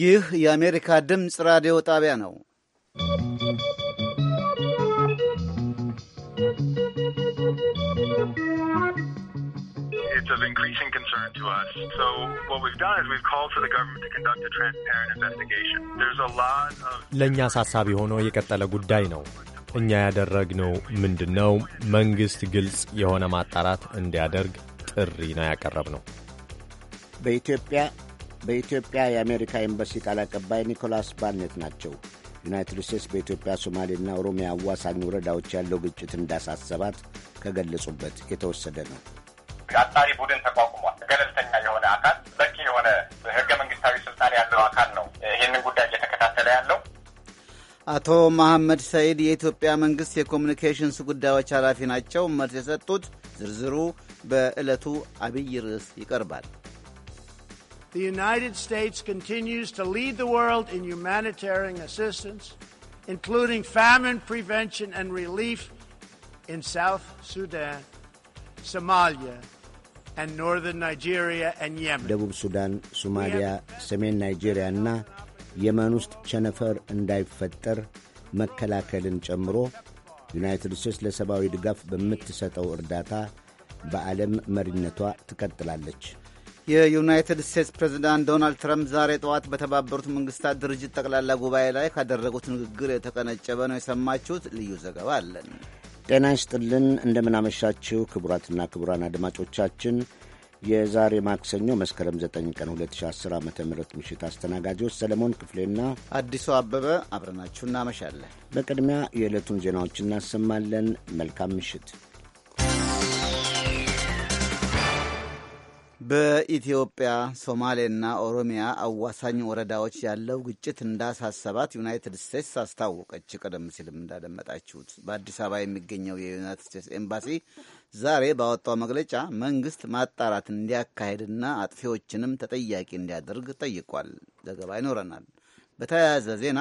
ይህ የአሜሪካ ድምፅ ራዲዮ ጣቢያ ነው። ለእኛ አሳሳቢ ሆኖ የቀጠለ ጉዳይ ነው። እኛ ያደረግነው ምንድን ነው? መንግሥት ግልጽ የሆነ ማጣራት እንዲያደርግ ጥሪ ነው ያቀረብ ነው። በኢትዮጵያ በኢትዮጵያ የአሜሪካ ኤምባሲ ቃል አቀባይ ኒኮላስ ባርኔት ናቸው። ዩናይትድ ስቴትስ በኢትዮጵያ ሶማሌና ኦሮሚያ አዋሳኝ ወረዳዎች ያለው ግጭት እንዳሳሰባት ከገለጹበት የተወሰደ ነው። አጣሪ ቡድን ተቋቁሟል። ገለልተኛ የሆነ አካል በቂ የሆነ ሕገ መንግስታዊ ስልጣን ያለው አካል ነው ይህንን ጉዳይ እየተከታተለ ያለው። አቶ መሐመድ ሰይድ የኢትዮጵያ መንግስት የኮሚኒኬሽንስ ጉዳዮች ኃላፊ ናቸው። መልስ የሰጡት ዝርዝሩ በዕለቱ አብይ ርዕስ ይቀርባል። the United States continues to lead the world in humanitarian assistance, including famine prevention and relief in South Sudan, Somalia, and northern Nigeria and Yemen. ደቡብ ሱዳን፣ ሶማሊያ፣ ሰሜን ናይጄሪያ እና የመን ውስጥ ቸነፈር እንዳይፈጠር መከላከልን ጨምሮ ዩናይትድ ስቴትስ ለሰብአዊ ድጋፍ በምትሰጠው እርዳታ በዓለም መሪነቷ ትቀጥላለች። የዩናይትድ ስቴትስ ፕሬዝዳንት ዶናልድ ትራምፕ ዛሬ ጠዋት በተባበሩት መንግስታት ድርጅት ጠቅላላ ጉባኤ ላይ ካደረጉት ንግግር የተቀነጨበ ነው የሰማችሁት። ልዩ ዘገባ አለን። ጤና ይስጥልን፣ እንደምናመሻችው ክቡራትና ክቡራን አድማጮቻችን የዛሬ ማክሰኞ መስከረም 9 ቀን 2010 ዓ ም ምሽት አስተናጋጆች ሰለሞን ክፍሌና አዲሱ አበበ አብረናችሁ እናመሻለን። በቅድሚያ የዕለቱን ዜናዎች እናሰማለን። መልካም ምሽት። በኢትዮጵያ ሶማሌና ኦሮሚያ አዋሳኝ ወረዳዎች ያለው ግጭት እንዳሳሰባት ዩናይትድ ስቴትስ አስታወቀች። ቀደም ሲልም እንዳደመጣችሁት በአዲስ አበባ የሚገኘው የዩናይትድ ስቴትስ ኤምባሲ ዛሬ ባወጣው መግለጫ መንግስት ማጣራት እንዲያካሄድና አጥፊዎችንም ተጠያቂ እንዲያደርግ ጠይቋል። ዘገባ ይኖረናል። በተያያዘ ዜና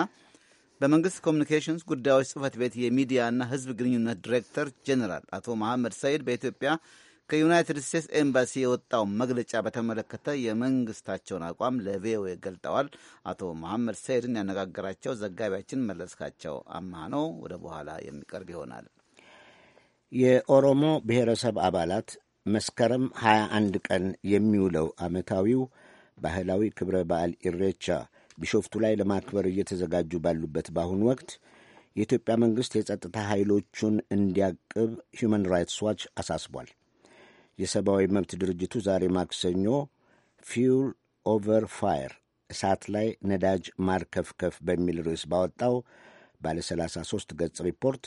በመንግስት ኮሚኒኬሽንስ ጉዳዮች ጽህፈት ቤት የሚዲያና ህዝብ ግንኙነት ዲሬክተር ጄኔራል አቶ መሐመድ ሰይድ በኢትዮጵያ ከዩናይትድ ስቴትስ ኤምባሲ የወጣውን መግለጫ በተመለከተ የመንግስታቸውን አቋም ለቪኦኤ ገልጠዋል። አቶ መሐመድ ሰይድን ያነጋገራቸው ዘጋቢያችን መለስካቸው አማ ነው። ወደ በኋላ የሚቀርብ ይሆናል። የኦሮሞ ብሔረሰብ አባላት መስከረም 21 ቀን የሚውለው ዓመታዊው ባህላዊ ክብረ በዓል ኢሬቻ ቢሾፍቱ ላይ ለማክበር እየተዘጋጁ ባሉበት በአሁኑ ወቅት የኢትዮጵያ መንግሥት የጸጥታ ኃይሎቹን እንዲያቅብ ሁማን ራይትስ ዋች አሳስቧል። የሰብአዊ መብት ድርጅቱ ዛሬ ማክሰኞ ፊውል ኦቨር ፋየር እሳት ላይ ነዳጅ ማርከፍከፍ በሚል ርዕስ ባወጣው ባለ 33 ገጽ ሪፖርት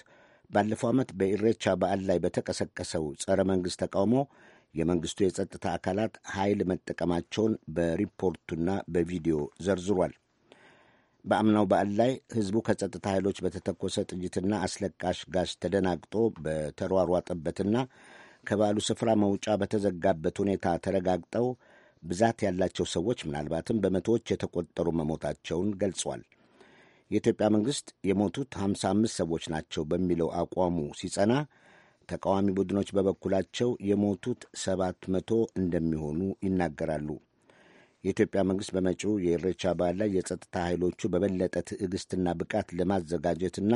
ባለፈው ዓመት በኢሬቻ በዓል ላይ በተቀሰቀሰው ጸረ መንግሥት ተቃውሞ የመንግሥቱ የጸጥታ አካላት ኃይል መጠቀማቸውን በሪፖርቱና በቪዲዮ ዘርዝሯል። በአምናው በዓል ላይ ሕዝቡ ከጸጥታ ኃይሎች በተተኮሰ ጥይትና አስለቃሽ ጋዝ ተደናግጦ በተሯሯጠበትና ከበዓሉ ስፍራ መውጫ በተዘጋበት ሁኔታ ተረጋግጠው ብዛት ያላቸው ሰዎች ምናልባትም በመቶዎች የተቆጠሩ መሞታቸውን ገልጿል። የኢትዮጵያ መንግሥት የሞቱት 55 ሰዎች ናቸው በሚለው አቋሙ ሲጸና፣ ተቃዋሚ ቡድኖች በበኩላቸው የሞቱት 700 እንደሚሆኑ ይናገራሉ። የኢትዮጵያ መንግሥት በመጪው የኢሬቻ በዓል ላይ የጸጥታ ኃይሎቹ በበለጠ ትዕግሥትና ብቃት ለማዘጋጀትና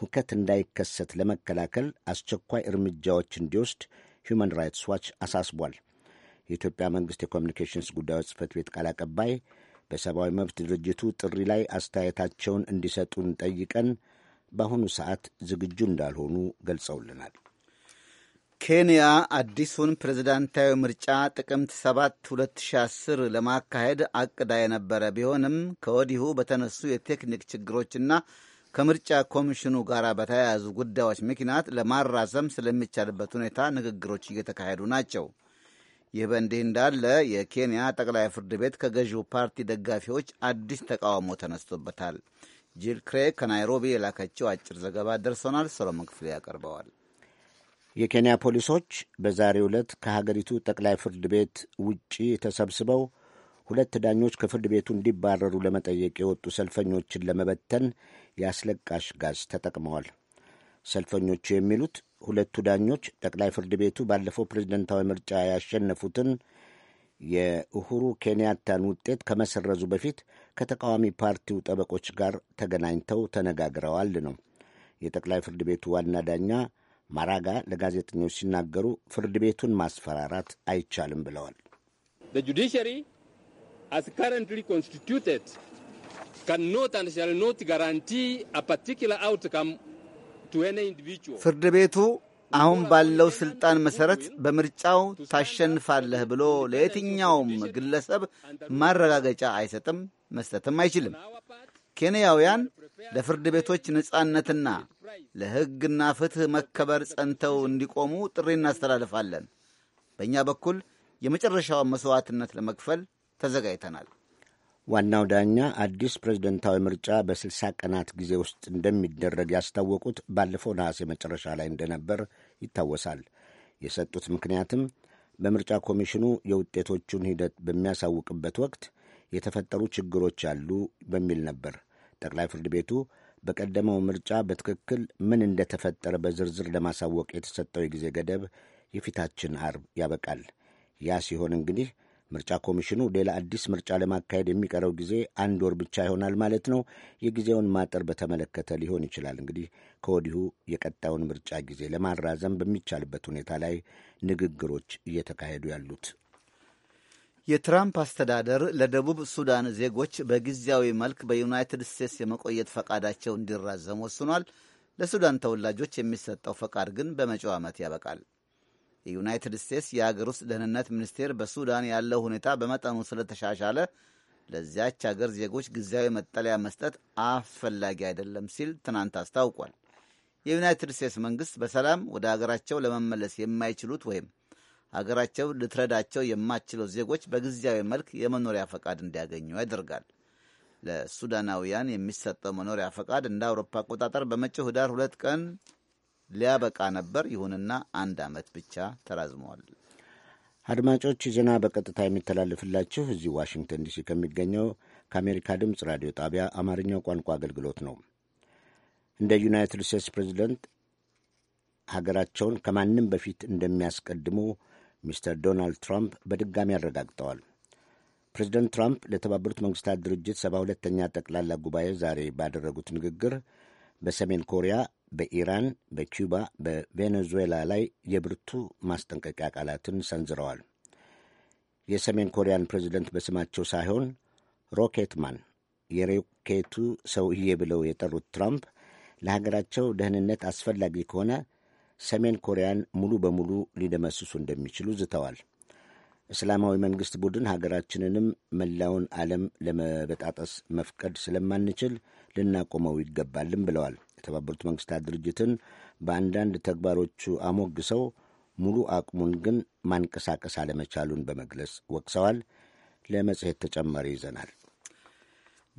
ሁከት እንዳይከሰት ለመከላከል አስቸኳይ እርምጃዎች እንዲወስድ ሁማን ራይትስ ዋች አሳስቧል። የኢትዮጵያ መንግሥት የኮሚኒኬሽንስ ጉዳዮች ጽህፈት ቤት ቃል አቀባይ በሰብአዊ መብት ድርጅቱ ጥሪ ላይ አስተያየታቸውን እንዲሰጡን ጠይቀን በአሁኑ ሰዓት ዝግጁ እንዳልሆኑ ገልጸውልናል። ኬንያ አዲሱን ፕሬዝዳንታዊ ምርጫ ጥቅምት 7 2010 ለማካሄድ አቅዳ የነበረ ቢሆንም ከወዲሁ በተነሱ የቴክኒክ ችግሮችና ከምርጫ ኮሚሽኑ ጋር በተያያዙ ጉዳዮች ምክንያት ለማራዘም ስለሚቻልበት ሁኔታ ንግግሮች እየተካሄዱ ናቸው። ይህ በእንዲህ እንዳለ የኬንያ ጠቅላይ ፍርድ ቤት ከገዢው ፓርቲ ደጋፊዎች አዲስ ተቃውሞ ተነስቶበታል። ጂል ክሬ ከናይሮቢ የላከችው አጭር ዘገባ ደርሰናል ሰሎሞን ክፍሌ ያቀርበዋል። የኬንያ ፖሊሶች በዛሬው ዕለት ከሀገሪቱ ጠቅላይ ፍርድ ቤት ውጪ ተሰብስበው ሁለት ዳኞች ከፍርድ ቤቱ እንዲባረሩ ለመጠየቅ የወጡ ሰልፈኞችን ለመበተን የአስለቃሽ ጋዝ ተጠቅመዋል። ሰልፈኞቹ የሚሉት ሁለቱ ዳኞች ጠቅላይ ፍርድ ቤቱ ባለፈው ፕሬዝደንታዊ ምርጫ ያሸነፉትን የእሁሩ ኬንያታን ውጤት ከመሰረዙ በፊት ከተቃዋሚ ፓርቲው ጠበቆች ጋር ተገናኝተው ተነጋግረዋል ነው። የጠቅላይ ፍርድ ቤቱ ዋና ዳኛ ማራጋ ለጋዜጠኞች ሲናገሩ ፍርድ ቤቱን ማስፈራራት አይቻልም ብለዋል። as currently constituted cannot and shall not guarantee a particular outcome to any individual. ፍርድ ቤቱ አሁን ባለው ስልጣን መሰረት በምርጫው ታሸንፋለህ ብሎ ለየትኛውም ግለሰብ ማረጋገጫ አይሰጥም፣ መስጠትም አይችልም። ኬንያውያን ለፍርድ ቤቶች ነጻነትና ለሕግና ፍትሕ መከበር ጸንተው እንዲቆሙ ጥሪ እናስተላልፋለን። በእኛ በኩል የመጨረሻውን መሥዋዕትነት ለመክፈል ተዘጋጅተናል። ዋናው ዳኛ አዲስ ፕሬዝደንታዊ ምርጫ በ60 ቀናት ጊዜ ውስጥ እንደሚደረግ ያስታወቁት ባለፈው ነሐሴ መጨረሻ ላይ እንደነበር ይታወሳል። የሰጡት ምክንያትም በምርጫ ኮሚሽኑ የውጤቶቹን ሂደት በሚያሳውቅበት ወቅት የተፈጠሩ ችግሮች አሉ በሚል ነበር። ጠቅላይ ፍርድ ቤቱ በቀደመው ምርጫ በትክክል ምን እንደተፈጠረ በዝርዝር ለማሳወቅ የተሰጠው የጊዜ ገደብ የፊታችን አርብ ያበቃል። ያ ሲሆን እንግዲህ ምርጫ ኮሚሽኑ ሌላ አዲስ ምርጫ ለማካሄድ የሚቀረው ጊዜ አንድ ወር ብቻ ይሆናል ማለት ነው። የጊዜውን ማጠር በተመለከተ ሊሆን ይችላል እንግዲህ ከወዲሁ የቀጣዩን ምርጫ ጊዜ ለማራዘም በሚቻልበት ሁኔታ ላይ ንግግሮች እየተካሄዱ ያሉት። የትራምፕ አስተዳደር ለደቡብ ሱዳን ዜጎች በጊዜያዊ መልክ በዩናይትድ ስቴትስ የመቆየት ፈቃዳቸው እንዲራዘም ወስኗል። ለሱዳን ተወላጆች የሚሰጠው ፈቃድ ግን በመጪው ዓመት ያበቃል። የዩናይትድ ስቴትስ የአገር ውስጥ ደህንነት ሚኒስቴር በሱዳን ያለው ሁኔታ በመጠኑ ስለተሻሻለ ለዚያች አገር ዜጎች ጊዜያዊ መጠለያ መስጠት አስፈላጊ አይደለም ሲል ትናንት አስታውቋል። የዩናይትድ ስቴትስ መንግስት በሰላም ወደ አገራቸው ለመመለስ የማይችሉት ወይም አገራቸው ልትረዳቸው የማትችለው ዜጎች በጊዜያዊ መልክ የመኖሪያ ፈቃድ እንዲያገኙ ያደርጋል። ለሱዳናውያን የሚሰጠው መኖሪያ ፈቃድ እንደ አውሮፓ አቆጣጠር በመጪው ህዳር ሁለት ቀን ሊያበቃ ነበር። ይሁንና አንድ ዓመት ብቻ ተራዝመዋል። አድማጮች ዜና በቀጥታ የሚተላለፍላችሁ እዚህ ዋሽንግተን ዲሲ ከሚገኘው ከአሜሪካ ድምፅ ራዲዮ ጣቢያ አማርኛው ቋንቋ አገልግሎት ነው። እንደ ዩናይትድ ስቴትስ ፕሬዚደንት ሀገራቸውን ከማንም በፊት እንደሚያስቀድሙ ሚስተር ዶናልድ ትራምፕ በድጋሚ አረጋግጠዋል። ፕሬዚደንት ትራምፕ ለተባበሩት መንግስታት ድርጅት ሰባ ሁለተኛ ጠቅላላ ጉባኤ ዛሬ ባደረጉት ንግግር በሰሜን ኮሪያ በኢራን፣ በኪዩባ በቬኔዙዌላ ላይ የብርቱ ማስጠንቀቂያ ቃላትን ሰንዝረዋል። የሰሜን ኮሪያን ፕሬዚደንት በስማቸው ሳይሆን ሮኬትማን የሮኬቱ ሰውዬ ብለው የጠሩት ትራምፕ ለሀገራቸው ደህንነት አስፈላጊ ከሆነ ሰሜን ኮሪያን ሙሉ በሙሉ ሊደመስሱ እንደሚችሉ ዝተዋል። እስላማዊ መንግሥት ቡድን ሀገራችንንም መላውን ዓለም ለመበጣጠስ መፍቀድ ስለማንችል ልናቆመው ይገባልም ብለዋል። የተባበሩት መንግስታት ድርጅትን በአንዳንድ ተግባሮቹ አሞግሰው ሙሉ አቅሙን ግን ማንቀሳቀስ አለመቻሉን በመግለጽ ወቅሰዋል። ለመጽሔት ተጨማሪ ይዘናል።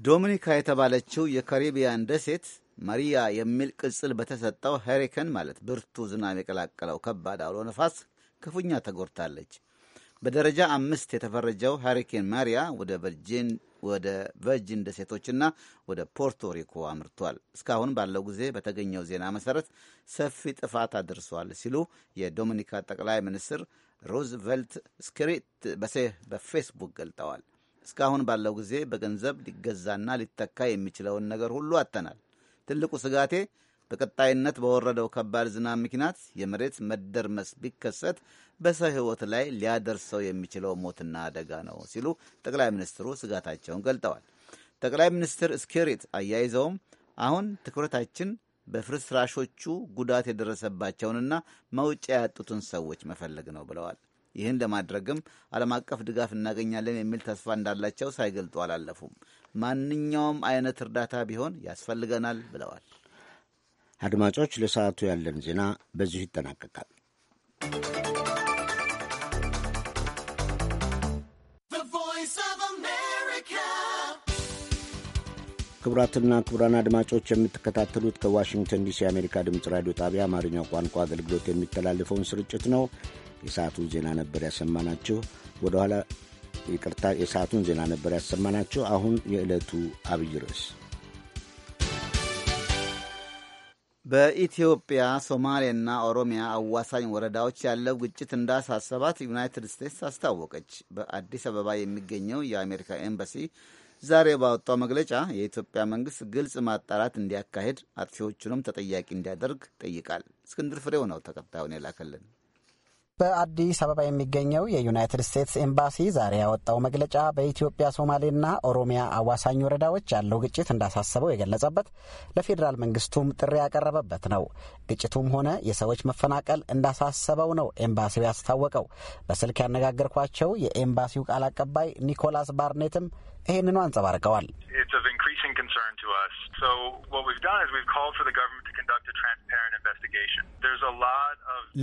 ዶሚኒካ የተባለችው የካሪቢያን ደሴት ማሪያ የሚል ቅጽል በተሰጠው ሄሪከን ማለት ብርቱ ዝናብ የቀላቀለው ከባድ አውሎ ነፋስ ክፉኛ ተጎድታለች። በደረጃ አምስት የተፈረጀው ሄሪኬን ማሪያ ወደ ወደ ቨርጂን ደሴቶችና ወደ ፖርቶሪኮ አምርቷል። እስካሁን ባለው ጊዜ በተገኘው ዜና መሰረት ሰፊ ጥፋት አድርሷል ሲሉ የዶሚኒካ ጠቅላይ ሚኒስትር ሮዝቨልት ስክሪት በፌስቡክ ገልጠዋል። እስካሁን ባለው ጊዜ በገንዘብ ሊገዛና ሊተካ የሚችለውን ነገር ሁሉ አጥተናል። ትልቁ ስጋቴ በቀጣይነት በወረደው ከባድ ዝናብ ምክንያት የመሬት መደርመስ ቢከሰት በሰው ሕይወት ላይ ሊያደርሰው የሚችለው ሞትና አደጋ ነው ሲሉ ጠቅላይ ሚኒስትሩ ስጋታቸውን ገልጠዋል። ጠቅላይ ሚኒስትር ስኬሪት አያይዘውም አሁን ትኩረታችን በፍርስራሾቹ ጉዳት የደረሰባቸውንና መውጫ ያጡትን ሰዎች መፈለግ ነው ብለዋል። ይህን ለማድረግም ዓለም አቀፍ ድጋፍ እናገኛለን የሚል ተስፋ እንዳላቸው ሳይገልጡ አላለፉም። ማንኛውም አይነት እርዳታ ቢሆን ያስፈልገናል ብለዋል። አድማጮች፣ ለሰዓቱ ያለን ዜና በዚሁ ይጠናቀቃል። ክቡራትና ክቡራን አድማጮች የምትከታተሉት ከዋሽንግተን ዲሲ የአሜሪካ ድምፅ ራዲዮ ጣቢያ አማርኛ ቋንቋ አገልግሎት የሚተላለፈውን ስርጭት ነው። የሰዓቱ ዜና ነበር ያሰማናችሁ። ወደኋላ ይቅርታ፣ የሰዓቱን ዜና ነበር ያሰማናችሁ። አሁን የዕለቱ አብይ ርዕስ በኢትዮጵያ ሶማሌና ኦሮሚያ አዋሳኝ ወረዳዎች ያለው ግጭት እንዳሳሰባት ዩናይትድ ስቴትስ አስታወቀች። በአዲስ አበባ የሚገኘው የአሜሪካ ኤምባሲ ዛሬ ባወጣው መግለጫ የኢትዮጵያ መንግስት ግልጽ ማጣራት እንዲያካሄድ አጥፊዎቹንም ተጠያቂ እንዲያደርግ ጠይቃል። እስክንድር ፍሬው ነው ተከታዩን የላከልን። በአዲስ አበባ የሚገኘው የዩናይትድ ስቴትስ ኤምባሲ ዛሬ ያወጣው መግለጫ በኢትዮጵያ ሶማሌና ኦሮሚያ አዋሳኝ ወረዳዎች ያለው ግጭት እንዳሳሰበው የገለጸበት ለፌዴራል መንግስቱም ጥሪ ያቀረበበት ነው። ግጭቱም ሆነ የሰዎች መፈናቀል እንዳሳሰበው ነው ኤምባሲው ያስታወቀው። በስልክ ያነጋገርኳቸው የኤምባሲው ቃል አቀባይ ኒኮላስ ባርኔትም ይህንኑ አንጸባርቀዋል።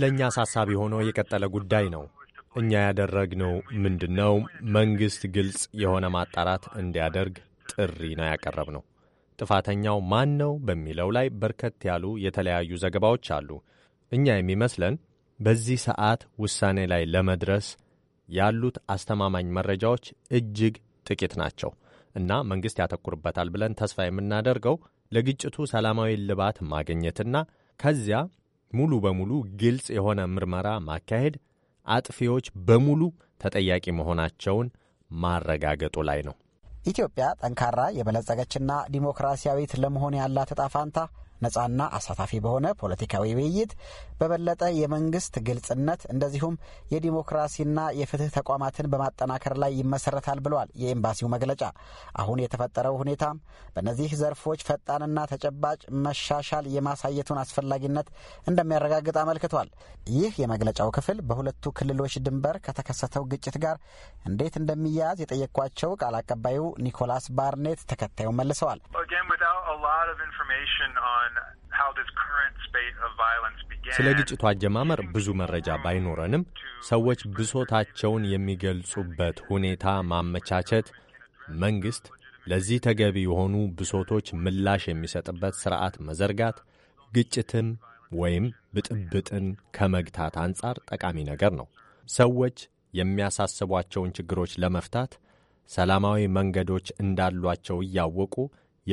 ለእኛ አሳሳቢ ሆኖ የቀጠለ ጉዳይ ነው። እኛ ያደረግነው ምንድን ነው? መንግሥት ግልጽ የሆነ ማጣራት እንዲያደርግ ጥሪ ነው ያቀረብነው። ጥፋተኛው ማን ነው በሚለው ላይ በርከት ያሉ የተለያዩ ዘገባዎች አሉ። እኛ የሚመስለን በዚህ ሰዓት ውሳኔ ላይ ለመድረስ ያሉት አስተማማኝ መረጃዎች እጅግ ጥቂት ናቸው እና መንግሥት ያተኩርበታል ብለን ተስፋ የምናደርገው ለግጭቱ ሰላማዊ ልባት ማግኘትና ከዚያ ሙሉ በሙሉ ግልጽ የሆነ ምርመራ ማካሄድ፣ አጥፊዎች በሙሉ ተጠያቂ መሆናቸውን ማረጋገጡ ላይ ነው። ኢትዮጵያ ጠንካራ የበለጸገችና ዲሞክራሲያዊት ለመሆን ያላት እጣ ፋንታ ነጻና አሳታፊ በሆነ ፖለቲካዊ ውይይት በበለጠ የመንግስት ግልጽነት እንደዚሁም የዲሞክራሲና የፍትህ ተቋማትን በማጠናከር ላይ ይመሰረታል ብሏል የኤምባሲው መግለጫ። አሁን የተፈጠረው ሁኔታም በእነዚህ ዘርፎች ፈጣንና ተጨባጭ መሻሻል የማሳየቱን አስፈላጊነት እንደሚያረጋግጥ አመልክቷል። ይህ የመግለጫው ክፍል በሁለቱ ክልሎች ድንበር ከተከሰተው ግጭት ጋር እንዴት እንደሚያያዝ የጠየኳቸው ቃል አቀባዩ ኒኮላስ ባርኔት ተከታዩን መልሰዋል። ስለ ግጭቱ አጀማመር ብዙ መረጃ ባይኖረንም ሰዎች ብሶታቸውን የሚገልጹበት ሁኔታ ማመቻቸት፣ መንግሥት ለዚህ ተገቢ የሆኑ ብሶቶች ምላሽ የሚሰጥበት ሥርዓት መዘርጋት ግጭትን ወይም ብጥብጥን ከመግታት አንጻር ጠቃሚ ነገር ነው። ሰዎች የሚያሳስቧቸውን ችግሮች ለመፍታት ሰላማዊ መንገዶች እንዳሏቸው እያወቁ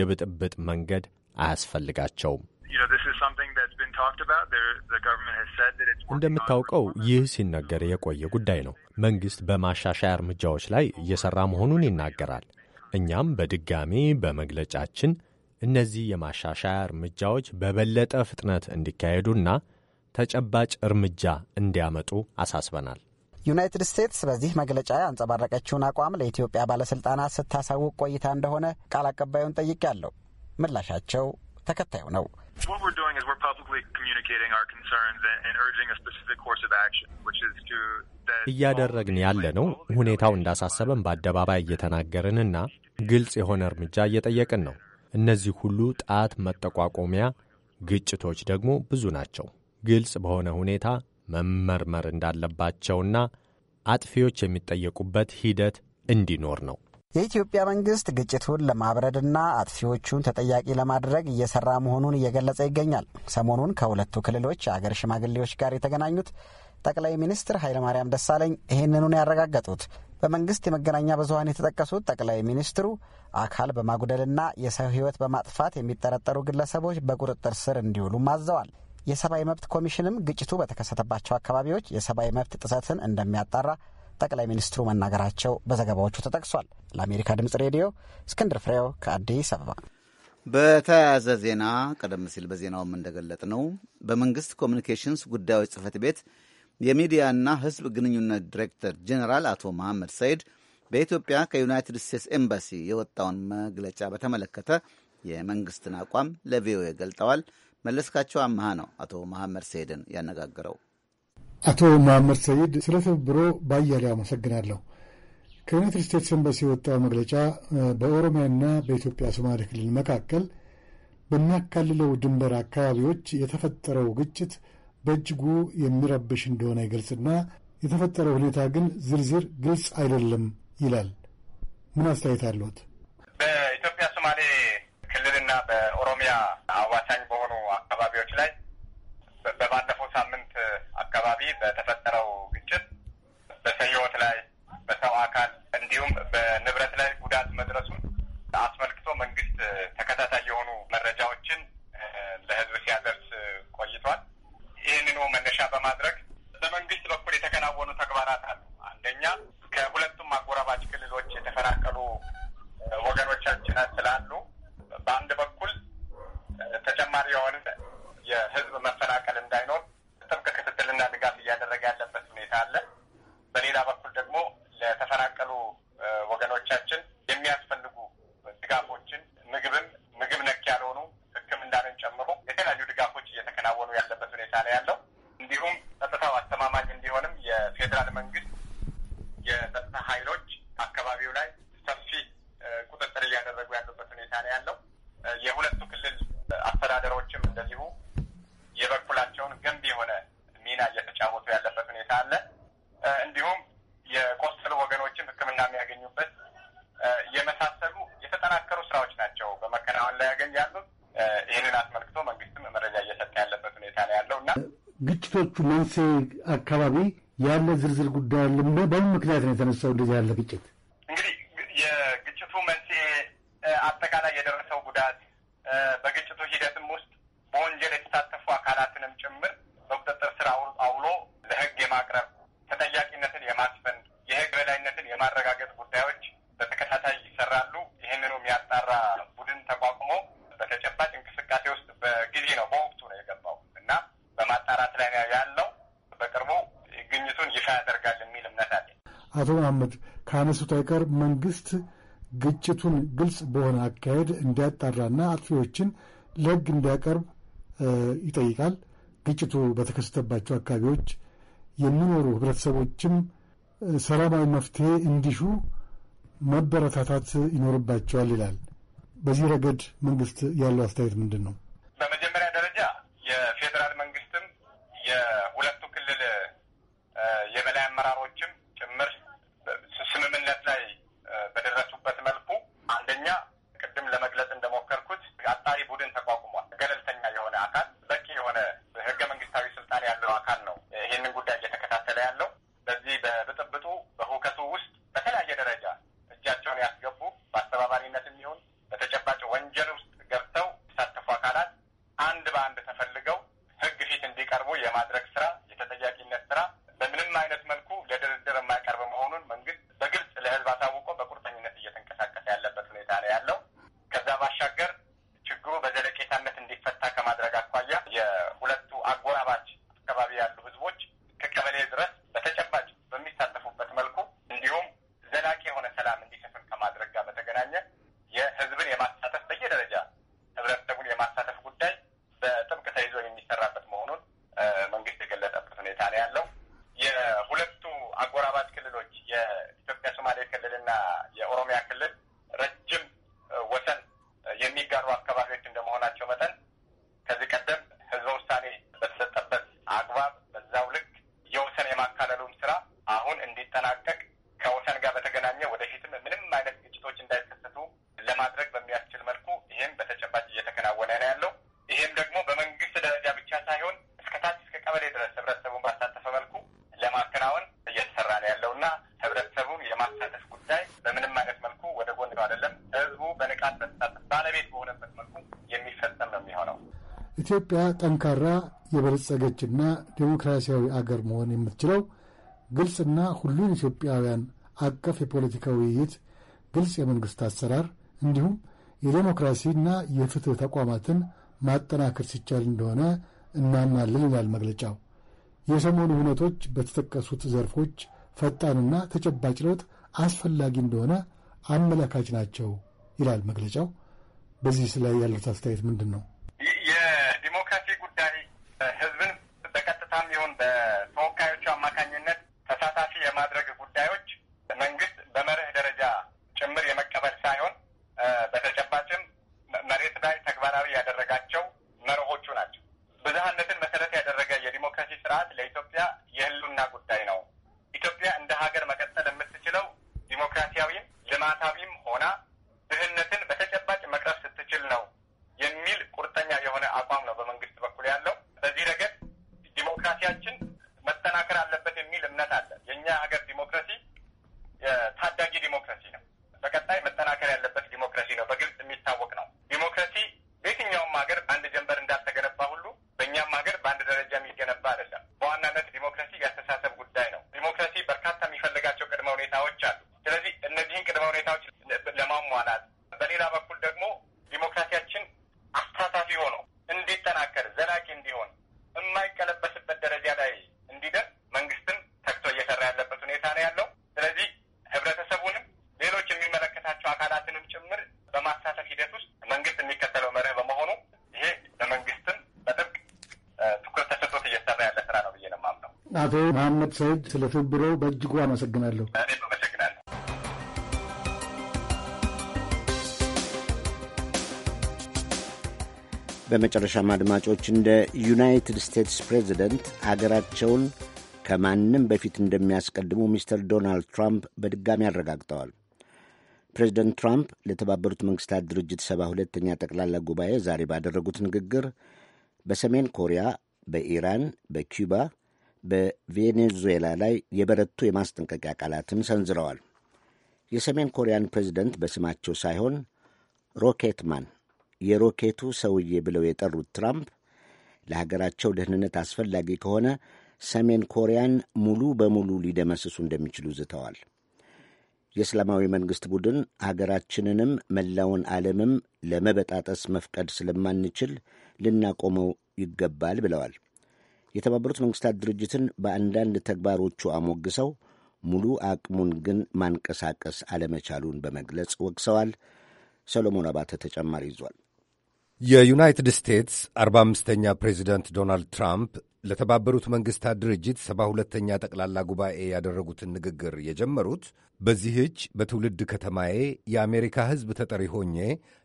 የብጥብጥ መንገድ አያስፈልጋቸውም። እንደምታውቀው ይህ ሲነገር የቆየ ጉዳይ ነው። መንግሥት በማሻሻያ እርምጃዎች ላይ እየሠራ መሆኑን ይናገራል። እኛም በድጋሚ በመግለጫችን እነዚህ የማሻሻያ እርምጃዎች በበለጠ ፍጥነት እንዲካሄዱና ተጨባጭ እርምጃ እንዲያመጡ አሳስበናል። ዩናይትድ ስቴትስ በዚህ መግለጫ ያንጸባረቀችውን አቋም ለኢትዮጵያ ባለሥልጣናት ስታሳውቅ ቆይታ እንደሆነ ቃል አቀባዩን ጠይቄያለሁ። ምላሻቸው ተከታዩ ነው። እያደረግን ነው ሁኔታው እንዳሳሰበን በአደባባይ እየተናገርንና ግልጽ የሆነ እርምጃ እየጠየቅን ነው። እነዚህ ሁሉ ጣት መጠቋቆሚያ ግጭቶች ደግሞ ብዙ ናቸው። ግልጽ በሆነ ሁኔታ መመርመር እንዳለባቸውና አጥፊዎች የሚጠየቁበት ሂደት እንዲኖር ነው። የኢትዮጵያ መንግስት ግጭቱን ለማብረድና አጥፊዎቹን ተጠያቂ ለማድረግ እየሰራ መሆኑን እየገለጸ ይገኛል። ሰሞኑን ከሁለቱ ክልሎች የአገር ሽማግሌዎች ጋር የተገናኙት ጠቅላይ ሚኒስትር ኃይለማርያም ደሳለኝ ይህንኑን ያረጋገጡት በመንግስት የመገናኛ ብዙኃን የተጠቀሱት ጠቅላይ ሚኒስትሩ አካል በማጉደልና የሰው ህይወት በማጥፋት የሚጠረጠሩ ግለሰቦች በቁጥጥር ስር እንዲውሉም አዘዋል። የሰብአዊ መብት ኮሚሽንም ግጭቱ በተከሰተባቸው አካባቢዎች የሰብአዊ መብት ጥሰትን እንደሚያጣራ ጠቅላይ ሚኒስትሩ መናገራቸው በዘገባዎቹ ተጠቅሷል። ለአሜሪካ ድምጽ ሬዲዮ እስክንድር ፍሬው ከአዲስ አበባ። በተያያዘ ዜና ቀደም ሲል በዜናውም እንደገለጥ ነው በመንግስት ኮሚኒኬሽንስ ጉዳዮች ጽህፈት ቤት የሚዲያና ህዝብ ግንኙነት ዲሬክተር ጀኔራል አቶ መሐመድ ሰይድ በኢትዮጵያ ከዩናይትድ ስቴትስ ኤምባሲ የወጣውን መግለጫ በተመለከተ የመንግስትን አቋም ለቪኦኤ ገልጠዋል። መለስካቸው አመሃ ነው አቶ መሐመድ ሰይድን ያነጋገረው። አቶ መሐመድ ሰይድ ስለ ትብብሮ ባያሌው አመሰግናለሁ። ከዩናይትድ ስቴትስ ኤምባሲ የወጣው መግለጫ በኦሮሚያና በኢትዮጵያ ሶማሌ ክልል መካከል በሚያካልለው ድንበር አካባቢዎች የተፈጠረው ግጭት በእጅጉ የሚረብሽ እንደሆነ ይገልጽና የተፈጠረው ሁኔታ ግን ዝርዝር ግልጽ አይደለም ይላል። ምን አስተያየት አለዎት? በኢትዮጵያ ሶማሌ ክልልና በኦሮሚያ በተፈጠረው ግጭት በሰው ሕይወት ላይ በሰው አካል እንዲሁም በንብረት ላይ ጉዳት መድረሱን አስመልክቶ መንግስት ተከታታይ የሆኑ መረጃዎችን ለህዝብ ሲያደርስ ቆይቷል። ይህንኑ መነሻ በማድረግ በመንግስት በኩል የተከናወኑ ተግባራት አሉ። አንደኛ ከሁለቱም አጎራባች ክልሎች የተፈናቀሉ ወገኖቻችን ስላል አካባቢ ያለ ዝርዝር ጉዳይ አለ። በምን ምክንያት ነው የተነሳው እንደዚህ ያለ ግጭት? ከተከሰሱት አይቀር መንግስት ግጭቱን ግልጽ በሆነ አካሄድ እንዲያጣራና አጥፊዎችን ለግ እንዲያቀርብ ይጠይቃል። ግጭቱ በተከሰተባቸው አካባቢዎች የሚኖሩ ህብረተሰቦችም ሰላማዊ መፍትሄ እንዲሹ መበረታታት ይኖርባቸዋል ይላል። በዚህ ረገድ መንግስት ያለው አስተያየት ምንድን ነው? ኢትዮጵያ ጠንካራ የበለጸገችና ዴሞክራሲያዊ አገር መሆን የምትችለው ግልጽና ሁሉን ኢትዮጵያውያን አቀፍ የፖለቲካ ውይይት፣ ግልጽ የመንግሥት አሰራር እንዲሁም የዴሞክራሲና የፍትሕ ተቋማትን ማጠናከር ሲቻል እንደሆነ እናምናለን ይላል መግለጫው። የሰሞኑ ሁነቶች በተጠቀሱት ዘርፎች ፈጣንና ተጨባጭ ለውጥ አስፈላጊ እንደሆነ አመላካች ናቸው ይላል መግለጫው። በዚህ ላይ ያሉት አስተያየት ምንድን ነው? ስለ ትብብሮ በእጅጉ አመሰግናለሁ። በመጨረሻም አድማጮች እንደ ዩናይትድ ስቴትስ ፕሬዚደንት አገራቸውን ከማንም በፊት እንደሚያስቀድሙ ሚስተር ዶናልድ ትራምፕ በድጋሚ አረጋግጠዋል። ፕሬዚደንት ትራምፕ ለተባበሩት መንግስታት ድርጅት ሰባ ሁለተኛ ጠቅላላ ጉባኤ ዛሬ ባደረጉት ንግግር በሰሜን ኮሪያ፣ በኢራን፣ በኪዩባ በቬኔዙዌላ ላይ የበረቱ የማስጠንቀቂያ ቃላትን ሰንዝረዋል። የሰሜን ኮሪያን ፕሬዚደንት በስማቸው ሳይሆን ሮኬትማን የሮኬቱ ሰውዬ ብለው የጠሩት ትራምፕ ለሀገራቸው ደህንነት አስፈላጊ ከሆነ ሰሜን ኮሪያን ሙሉ በሙሉ ሊደመስሱ እንደሚችሉ ዝተዋል። የእስላማዊ መንግሥት ቡድን ሀገራችንንም መላውን ዓለምም ለመበጣጠስ መፍቀድ ስለማንችል ልናቆመው ይገባል ብለዋል። የተባበሩት መንግስታት ድርጅትን በአንዳንድ ተግባሮቹ አሞግሰው ሙሉ አቅሙን ግን ማንቀሳቀስ አለመቻሉን በመግለጽ ወቅሰዋል። ሰሎሞን አባተ ተጨማሪ ይዟል። የዩናይትድ ስቴትስ 45ኛ ፕሬዚደንት ዶናልድ ትራምፕ ለተባበሩት መንግስታት ድርጅት ሰባ ሁለተኛ ጠቅላላ ጉባኤ ያደረጉትን ንግግር የጀመሩት በዚህች በትውልድ ከተማዬ የአሜሪካ ሕዝብ ተጠሪ ሆኜ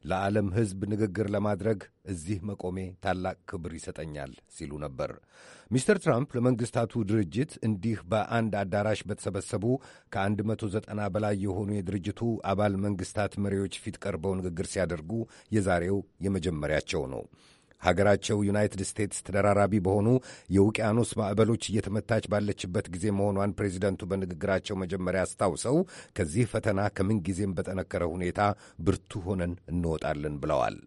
ለዓለም ሕዝብ ንግግር ለማድረግ እዚህ መቆሜ ታላቅ ክብር ይሰጠኛል ሲሉ ነበር። ሚስተር ትራምፕ ለመንግስታቱ ድርጅት እንዲህ በአንድ አዳራሽ በተሰበሰቡ ከ190 በላይ የሆኑ የድርጅቱ አባል መንግስታት መሪዎች ፊት ቀርበው ንግግር ሲያደርጉ የዛሬው የመጀመሪያቸው ነው። ሀገራቸው ዩናይትድ ስቴትስ ተደራራቢ በሆኑ የውቅያኖስ ማዕበሎች እየተመታች ባለችበት ጊዜ መሆኗን ፕሬዚደንቱ በንግግራቸው መጀመሪያ አስታውሰው ከዚህ ፈተና ከምንጊዜም በጠነከረ ሁኔታ ብርቱ ሆነን እንወጣለን ብለዋል።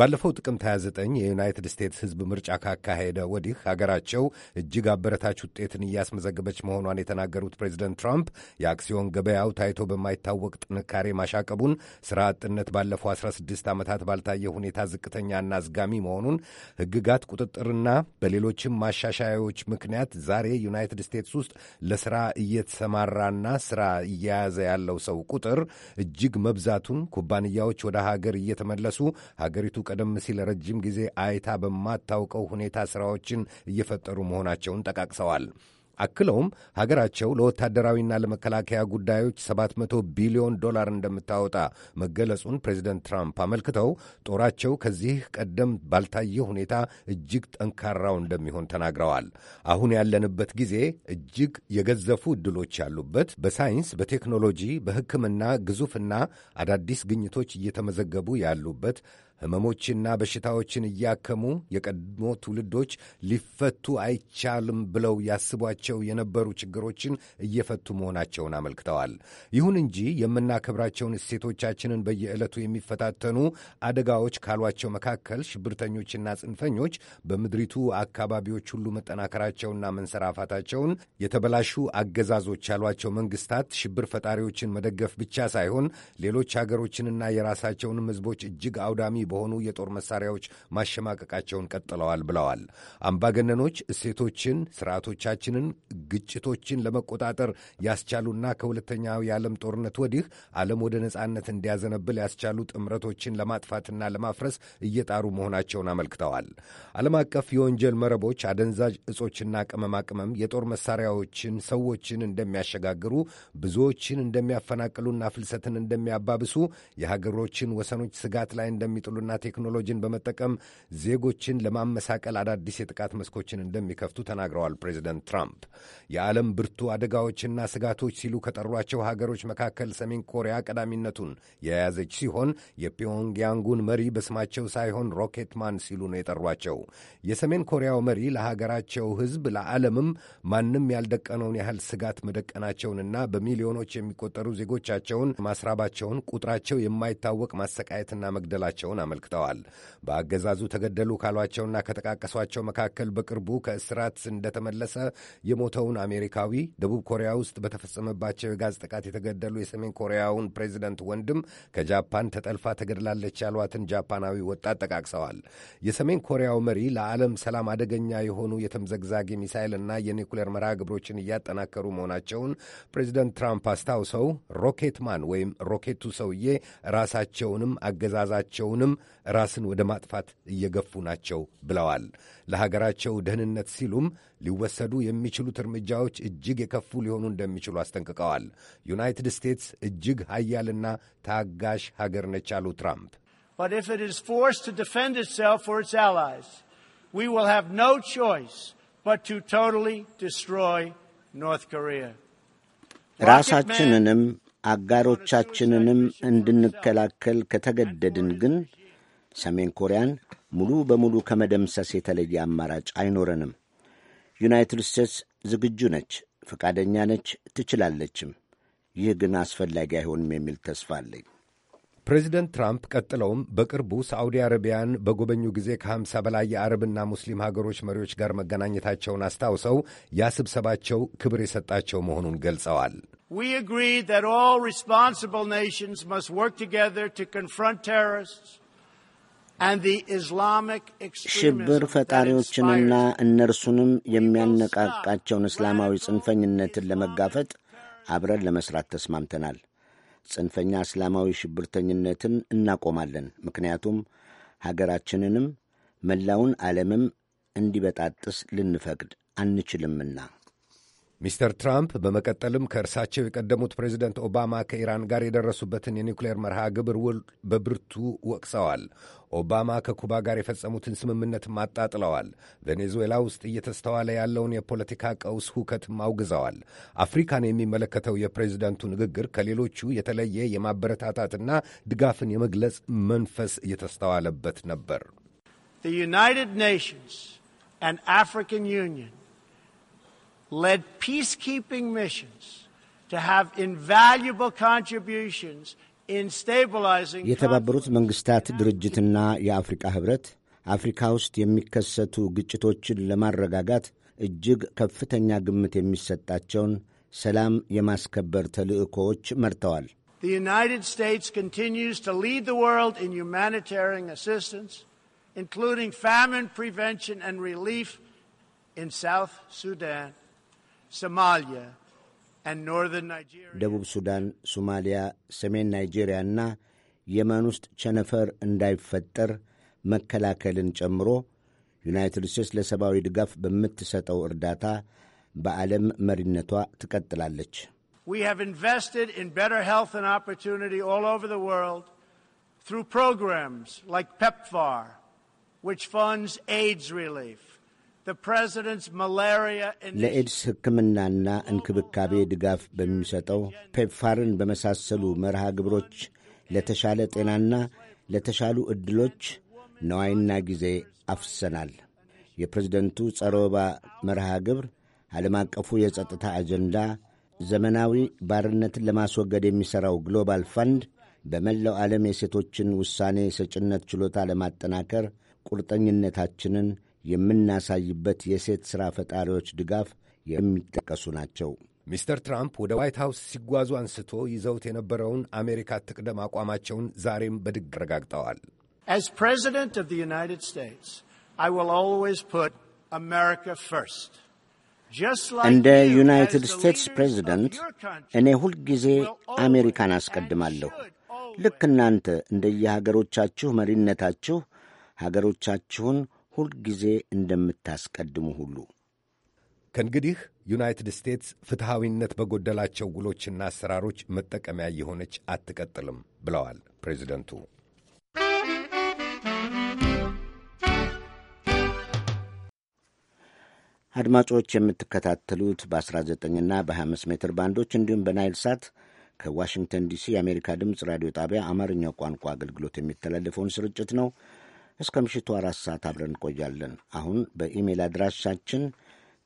ባለፈው ጥቅምት 29 የዩናይትድ ስቴትስ ሕዝብ ምርጫ ካካሄደ ወዲህ ሀገራቸው እጅግ አበረታች ውጤትን እያስመዘገበች መሆኗን የተናገሩት ፕሬዚደንት ትራምፕ የአክሲዮን ገበያው ታይቶ በማይታወቅ ጥንካሬ ማሻቀቡን፣ ስራ አጥነት ባለፈው 16 ዓመታት ባልታየ ሁኔታ ዝቅተኛና አዝጋሚ መሆኑን፣ ሕግጋት ቁጥጥርና በሌሎችም ማሻሻያዎች ምክንያት ዛሬ ዩናይትድ ስቴትስ ውስጥ ለስራ እየተሰማራና ስራ እየያዘ ያለው ሰው ቁጥር እጅግ መብዛቱን፣ ኩባንያዎች ወደ ሀገር እየተመለሱ ሀገሪቱ ቀደም ሲል ረጅም ጊዜ አይታ በማታውቀው ሁኔታ ሥራዎችን እየፈጠሩ መሆናቸውን ጠቃቅሰዋል። አክለውም ሀገራቸው ለወታደራዊና ለመከላከያ ጉዳዮች 700 ቢሊዮን ዶላር እንደምታወጣ መገለጹን ፕሬዚደንት ትራምፕ አመልክተው ጦራቸው ከዚህ ቀደም ባልታየ ሁኔታ እጅግ ጠንካራው እንደሚሆን ተናግረዋል። አሁን ያለንበት ጊዜ እጅግ የገዘፉ ዕድሎች ያሉበት፣ በሳይንስ በቴክኖሎጂ፣ በሕክምና ግዙፍና አዳዲስ ግኝቶች እየተመዘገቡ ያሉበት ሕመሞችና በሽታዎችን እያከሙ የቀድሞ ትውልዶች ሊፈቱ አይቻልም ብለው ያስቧቸው የነበሩ ችግሮችን እየፈቱ መሆናቸውን አመልክተዋል። ይሁን እንጂ የምናከብራቸውን እሴቶቻችንን በየዕለቱ የሚፈታተኑ አደጋዎች ካሏቸው መካከል ሽብርተኞችና ጽንፈኞች በምድሪቱ አካባቢዎች ሁሉ መጠናከራቸውና መንሰራፋታቸውን የተበላሹ አገዛዞች ያሏቸው መንግስታት ሽብር ፈጣሪዎችን መደገፍ ብቻ ሳይሆን ሌሎች ሀገሮችንና የራሳቸውንም ሕዝቦች እጅግ አውዳሚ በሆኑ የጦር መሳሪያዎች ማሸማቀቃቸውን ቀጥለዋል ብለዋል። አምባገነኖች እሴቶችን፣ ስርዓቶቻችንን፣ ግጭቶችን ለመቆጣጠር ያስቻሉና ከሁለተኛው የዓለም ጦርነት ወዲህ ዓለም ወደ ነጻነት እንዲያዘነብል ያስቻሉ ጥምረቶችን ለማጥፋትና ለማፍረስ እየጣሩ መሆናቸውን አመልክተዋል። ዓለም አቀፍ የወንጀል መረቦች አደንዛዥ እጾችና ቅመማ ቅመም የጦር መሳሪያዎችን፣ ሰዎችን እንደሚያሸጋግሩ፣ ብዙዎችን እንደሚያፈናቅሉና ፍልሰትን እንደሚያባብሱ፣ የሀገሮችን ወሰኖች ስጋት ላይ እንደሚጥሉ ግብርና ቴክኖሎጂን በመጠቀም ዜጎችን ለማመሳቀል አዳዲስ የጥቃት መስኮችን እንደሚከፍቱ ተናግረዋል። ፕሬዚደንት ትራምፕ የዓለም ብርቱ አደጋዎችና ስጋቶች ሲሉ ከጠሯቸው ሀገሮች መካከል ሰሜን ኮሪያ ቀዳሚነቱን የያዘች ሲሆን የፒዮንግያንጉን መሪ በስማቸው ሳይሆን ሮኬትማን ሲሉ ነው የጠሯቸው። የሰሜን ኮሪያው መሪ ለሀገራቸው ሕዝብ ለዓለምም ማንም ያልደቀነውን ያህል ስጋት መደቀናቸውንና በሚሊዮኖች የሚቆጠሩ ዜጎቻቸውን ማስራባቸውን ቁጥራቸው የማይታወቅ ማሰቃየትና መግደላቸውን አመልክተዋል። በአገዛዙ ተገደሉ ካሏቸውና ከጠቃቀሷቸው መካከል በቅርቡ ከእስራት እንደተመለሰ የሞተውን አሜሪካዊ፣ ደቡብ ኮሪያ ውስጥ በተፈጸመባቸው የጋዝ ጥቃት የተገደሉ የሰሜን ኮሪያውን ፕሬዚደንት ወንድም፣ ከጃፓን ተጠልፋ ተገድላለች ያሏትን ጃፓናዊ ወጣት ጠቃቅሰዋል። የሰሜን ኮሪያው መሪ ለዓለም ሰላም አደገኛ የሆኑ የተምዘግዛጊ እና የኒውክሌር መርሃ ግብሮችን እያጠናከሩ መሆናቸውን ፕሬዚደንት ትራምፕ አስታውሰው ሮኬት ማን ወይም ሮኬቱ ሰውዬ ራሳቸውንም አገዛዛቸውንም አሁንም ራስን ወደ ማጥፋት እየገፉ ናቸው ብለዋል። ለሀገራቸው ደህንነት ሲሉም ሊወሰዱ የሚችሉት እርምጃዎች እጅግ የከፉ ሊሆኑ እንደሚችሉ አስጠንቅቀዋል። ዩናይትድ ስቴትስ እጅግ ሀያልና ታጋሽ ሀገር ነች አሉ ትራምፕ። ራሳችንንም አጋሮቻችንንም እንድንከላከል ከተገደድን ግን ሰሜን ኮሪያን ሙሉ በሙሉ ከመደምሰስ የተለየ አማራጭ አይኖረንም። ዩናይትድ ስቴትስ ዝግጁ ነች፣ ፈቃደኛ ነች፣ ትችላለችም። ይህ ግን አስፈላጊ አይሆንም የሚል ተስፋ አለኝ። ፕሬዚደንት ትራምፕ ቀጥለውም በቅርቡ ሳዑዲ አረቢያን በጎበኙ ጊዜ ከሃምሳ በላይ የአረብና ሙስሊም ሀገሮች መሪዎች ጋር መገናኘታቸውን አስታውሰው ያ ስብሰባቸው ክብር የሰጣቸው መሆኑን ገልጸዋል። We agree that all responsible nations must work together to confront terrorists. ሽብር ፈጣሪዎችንና እነርሱንም የሚያነቃቃቸውን እስላማዊ ጽንፈኝነትን ለመጋፈጥ አብረን ለመሥራት ተስማምተናል። ጽንፈኛ እስላማዊ ሽብርተኝነትን እናቆማለን። ምክንያቱም ሀገራችንንም መላውን ዓለምም እንዲበጣጥስ ልንፈቅድ አንችልምና። ሚስተር ትራምፕ በመቀጠልም ከእርሳቸው የቀደሙት ፕሬዚደንት ኦባማ ከኢራን ጋር የደረሱበትን የኒውክሌር መርሃ ግብር ውል በብርቱ ወቅሰዋል። ኦባማ ከኩባ ጋር የፈጸሙትን ስምምነትም አጣጥለዋል። ቬኔዙዌላ ውስጥ እየተስተዋለ ያለውን የፖለቲካ ቀውስ ሁከትም አውግዘዋል። አፍሪካን የሚመለከተው የፕሬዚደንቱ ንግግር ከሌሎቹ የተለየ የማበረታታትና ድጋፍን የመግለጽ መንፈስ እየተስተዋለበት ነበር። The United Nations and African Union led peacekeeping missions to have invaluable contributions in stabilizing የተባበሩት መንግስታት ድርጅትና ህብረት አፍሪካ ውስጥ የሚከሰቱ ግጭቶችን ለማረጋጋት እጅግ ከፍተኛ ግምት የሚሰጣቸውን ሰላም የማስከበር ተልዕኮዎች መርተዋል። continues to lead the world in humanitarian assistance, including famine prevention and relief in South Sudan. ደቡብ ሱዳን፣ ሶማሊያ፣ ሰሜን ናይጄሪያና የመን ውስጥ ቸነፈር እንዳይፈጠር መከላከልን ጨምሮ ዩናይትድ ስቴትስ ለሰብአዊ ድጋፍ በምትሰጠው እርዳታ በዓለም መሪነቷ ትቀጥላለች። ፕሮግራምስ ለኤድስ ሕክምናና እንክብካቤ ድጋፍ በሚሰጠው ፔፕፋርን በመሳሰሉ መርሃ ግብሮች ለተሻለ ጤናና ለተሻሉ ዕድሎች ነዋይና ጊዜ አፍሰናል። የፕሬዝደንቱ ጸረ ወባ መርሃ ግብር ዓለም አቀፉ የጸጥታ አጀንዳ፣ ዘመናዊ ባርነትን ለማስወገድ የሚሠራው ግሎባል ፋንድ፣ በመላው ዓለም የሴቶችን ውሳኔ ሰጭነት ችሎታ ለማጠናከር ቁርጠኝነታችንን የምናሳይበት የሴት ሥራ ፈጣሪዎች ድጋፍ የሚጠቀሱ ናቸው። ሚስተር ትራምፕ ወደ ዋይት ሃውስ ሲጓዙ አንስቶ ይዘውት የነበረውን አሜሪካ ትቅደም አቋማቸውን ዛሬም በድግ አረጋግጠዋል። እንደ ዩናይትድ ስቴትስ ፕሬዚደንት እኔ ሁልጊዜ አሜሪካን አስቀድማለሁ። ልክ እናንተ እንደየሀገሮቻችሁ መሪነታችሁ ሀገሮቻችሁን ሁልጊዜ እንደምታስቀድሙ ሁሉ ከእንግዲህ ዩናይትድ ስቴትስ ፍትሐዊነት በጎደላቸው ውሎችና አሰራሮች መጠቀሚያ የሆነች አትቀጥልም ብለዋል ፕሬዚደንቱ። አድማጮች የምትከታተሉት በ19ና በ25 ሜትር ባንዶች እንዲሁም በናይል ሳት ከዋሽንግተን ዲሲ የአሜሪካ ድምፅ ራዲዮ ጣቢያ አማርኛው ቋንቋ አገልግሎት የሚተላለፈውን ስርጭት ነው። እስከ ምሽቱ አራት ሰዓት አብረን እንቆያለን። አሁን በኢሜል አድራሻችን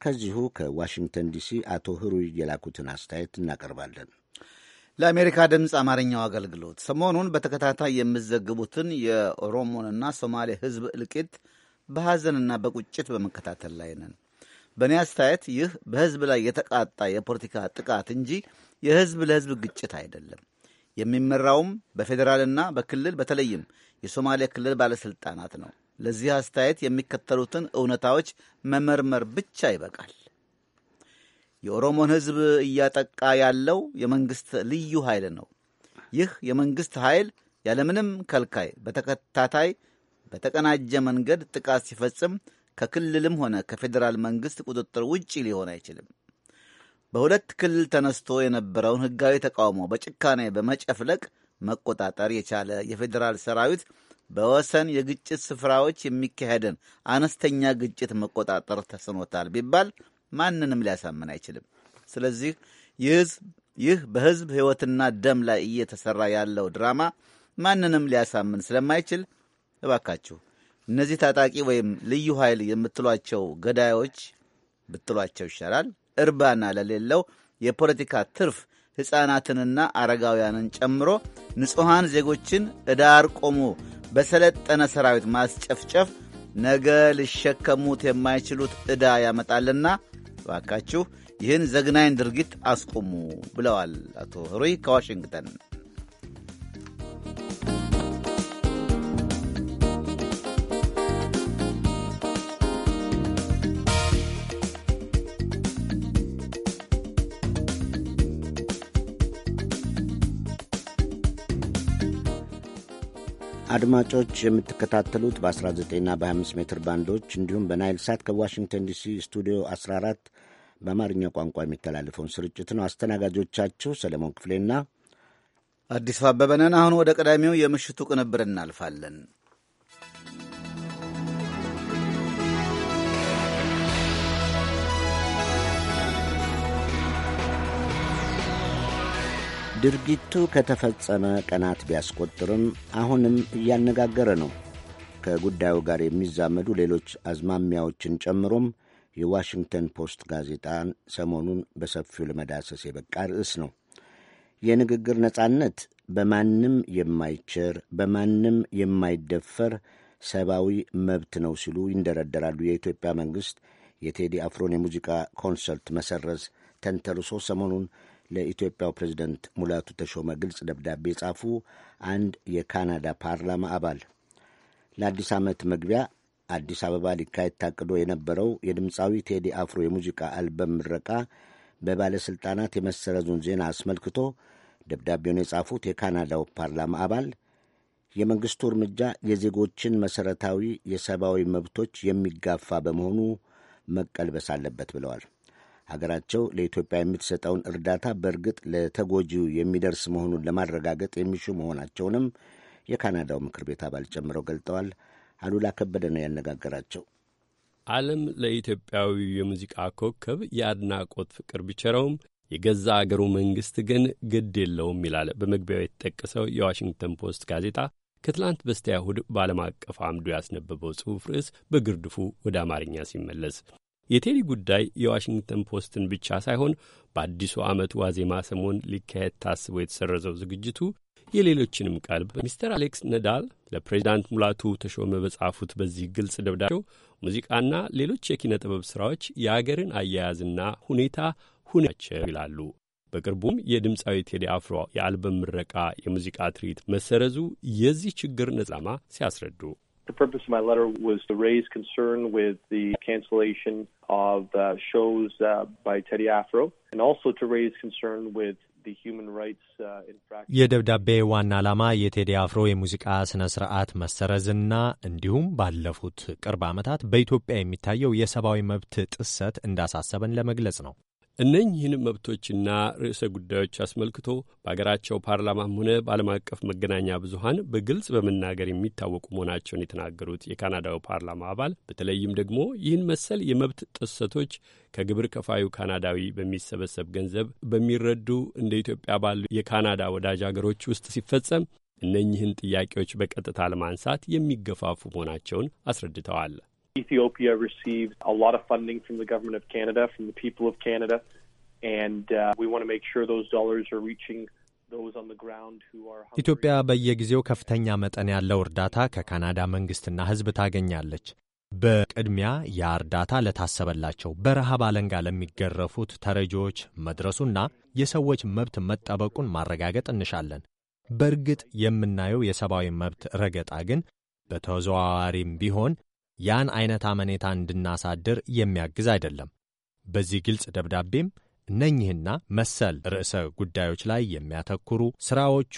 ከዚሁ ከዋሽንግተን ዲሲ አቶ ህሩይ የላኩትን አስተያየት እናቀርባለን። ለአሜሪካ ድምፅ አማርኛው አገልግሎት ሰሞኑን በተከታታይ የምዘግቡትን የኦሮሞንና ሶማሌ ህዝብ እልቂት በሐዘንና በቁጭት በመከታተል ላይ ነን። በእኔ አስተያየት ይህ በህዝብ ላይ የተቃጣ የፖለቲካ ጥቃት እንጂ የህዝብ ለህዝብ ግጭት አይደለም። የሚመራውም በፌዴራልና በክልል በተለይም የሶማሌ ክልል ባለሥልጣናት ነው። ለዚህ አስተያየት የሚከተሉትን እውነታዎች መመርመር ብቻ ይበቃል። የኦሮሞን ሕዝብ እያጠቃ ያለው የመንግሥት ልዩ ኃይል ነው። ይህ የመንግሥት ኃይል ያለምንም ከልካይ በተከታታይ በተቀናጀ መንገድ ጥቃት ሲፈጽም ከክልልም ሆነ ከፌዴራል መንግሥት ቁጥጥር ውጪ ሊሆን አይችልም። በሁለት ክልል ተነስቶ የነበረውን ህጋዊ ተቃውሞ በጭካኔ በመጨፍለቅ መቆጣጠር የቻለ የፌዴራል ሰራዊት በወሰን የግጭት ስፍራዎች የሚካሄድን አነስተኛ ግጭት መቆጣጠር ተስኖታል ቢባል ማንንም ሊያሳምን አይችልም። ስለዚህ ይህ በሕዝብ ሕይወትና ደም ላይ እየተሠራ ያለው ድራማ ማንንም ሊያሳምን ስለማይችል እባካችሁ እነዚህ ታጣቂ ወይም ልዩ ኃይል የምትሏቸው ገዳዮች ብትሏቸው ይሻላል እርባና ለሌለው የፖለቲካ ትርፍ ሕፃናትንና አረጋውያንን ጨምሮ ንጹሐን ዜጎችን እዳር ቆሞ በሰለጠነ ሰራዊት ማስጨፍጨፍ ነገ ሊሸከሙት የማይችሉት ዕዳ ያመጣልና እባካችሁ ይህን ዘግናኝ ድርጊት አስቁሙ ብለዋል አቶ ሩይ ከዋሽንግተን። አድማጮች የምትከታተሉት በ19ና በ25 ሜትር ባንዶች እንዲሁም በናይል ሳት ከዋሽንግተን ዲሲ ስቱዲዮ 14 በአማርኛ ቋንቋ የሚተላለፈውን ስርጭት ነው። አስተናጋጆቻችሁ ሰለሞን ክፍሌና አዲሱ አበበ ነን። አሁን ወደ ቀዳሚው የምሽቱ ቅንብር እናልፋለን። ድርጊቱ ከተፈጸመ ቀናት ቢያስቆጥርም አሁንም እያነጋገረ ነው። ከጉዳዩ ጋር የሚዛመዱ ሌሎች አዝማሚያዎችን ጨምሮም የዋሽንግተን ፖስት ጋዜጣን ሰሞኑን በሰፊው ለመዳሰስ የበቃ ርዕስ ነው። የንግግር ነጻነት በማንም የማይቸር በማንም የማይደፈር ሰብአዊ መብት ነው ሲሉ ይንደረደራሉ። የኢትዮጵያ መንግሥት የቴዲ አፍሮን የሙዚቃ ኮንሰርት መሰረዝ ተንተርሶ ሰሞኑን ለኢትዮጵያው ፕሬዚደንት ሙላቱ ተሾመ ግልጽ ደብዳቤ የጻፉ አንድ የካናዳ ፓርላማ አባል ለአዲስ ዓመት መግቢያ አዲስ አበባ ሊካሄድ ታቅዶ የነበረው የድምፃዊ ቴዲ አፍሮ የሙዚቃ አልበም ምረቃ በባለሥልጣናት የመሰረዙን ዜና አስመልክቶ ደብዳቤውን የጻፉት የካናዳው ፓርላማ አባል የመንግሥቱ እርምጃ የዜጎችን መሠረታዊ የሰብአዊ መብቶች የሚጋፋ በመሆኑ መቀልበስ አለበት ብለዋል። ሀገራቸው ለኢትዮጵያ የምትሰጠውን እርዳታ በእርግጥ ለተጎጂው የሚደርስ መሆኑን ለማረጋገጥ የሚሹ መሆናቸውንም የካናዳው ምክር ቤት አባል ጨምረው ገልጠዋል። አሉላ ከበደ ነው ያነጋገራቸው። ዓለም ለኢትዮጵያዊ የሙዚቃ ኮከብ የአድናቆት ፍቅር ቢቸረውም የገዛ አገሩ መንግሥት ግን ግድ የለውም ይላል በመግቢያው የተጠቀሰው የዋሽንግተን ፖስት ጋዜጣ ከትላንት በስቲያ እሁድ በዓለም አቀፍ አምዱ ያስነበበው ጽሑፍ ርዕስ በግርድፉ ወደ አማርኛ ሲመለስ የቴሪ ጉዳይ የዋሽንግተን ፖስትን ብቻ ሳይሆን በአዲሱ ዓመት ዋዜማ ሰሞን ሊካሄድ ታስቦ የተሰረዘው ዝግጅቱ የሌሎችንም ቀልብ ሚስተር አሌክስ ነዳል ለፕሬዚዳንት ሙላቱ ተሾመ በጻፉት በዚህ ግልጽ ደብዳቸው ሙዚቃና ሌሎች የኪነ ጥበብ ሥራዎች የአገርን አያያዝና ሁኔታ ሁኔታቸው ይላሉ። በቅርቡም የድምፃዊ ቴዲ አፍሮ የአልበም ምረቃ የሙዚቃ ትርኢት መሰረዙ የዚህ ችግር ነጻማ ሲያስረዱ The purpose of my letter was to raise concern with the cancellation of uh, shows uh, by Teddy Afro and also to raise concern with the human uh, ዓላማ የቴዲ አፍሮ የሙዚቃ መሰረዝና እንዲሁም ባለፉት ቅርብ ዓመታት በኢትዮጵያ የሚታየው የሰብአዊ መብት ጥሰት እንዳሳሰበን ለመግለጽ ነው። እነኚህን መብቶችና ርዕሰ ጉዳዮች አስመልክቶ በአገራቸው ፓርላማም ሆነ በዓለም አቀፍ መገናኛ ብዙሀን በግልጽ በመናገር የሚታወቁ መሆናቸውን የተናገሩት የካናዳው ፓርላማ አባል በተለይም ደግሞ ይህን መሰል የመብት ጥሰቶች ከግብር ከፋዩ ካናዳዊ በሚሰበሰብ ገንዘብ በሚረዱ እንደ ኢትዮጵያ ባሉ የካናዳ ወዳጅ አገሮች ውስጥ ሲፈጸም እነኚህን ጥያቄዎች በቀጥታ ለማንሳት የሚገፋፉ መሆናቸውን አስረድተዋል። Ethiopia receives a lot of funding from the government of Canada, from the people of Canada, and uh, we want to make sure those dollars are reaching ኢትዮጵያ በየጊዜው ከፍተኛ መጠን ያለው እርዳታ ከካናዳ መንግስትና ሕዝብ ታገኛለች። በቅድሚያ ያ እርዳታ ለታሰበላቸው በረሃብ አለንጋ ለሚገረፉት ተረጂዎች መድረሱና የሰዎች መብት መጠበቁን ማረጋገጥ እንሻለን። በእርግጥ የምናየው የሰብአዊ መብት ረገጣ ግን በተዘዋዋሪም ቢሆን ያን አይነት አመኔታ እንድናሳድር የሚያግዝ አይደለም። በዚህ ግልጽ ደብዳቤም እነኚህና መሰል ርዕሰ ጉዳዮች ላይ የሚያተኩሩ ሥራዎቹ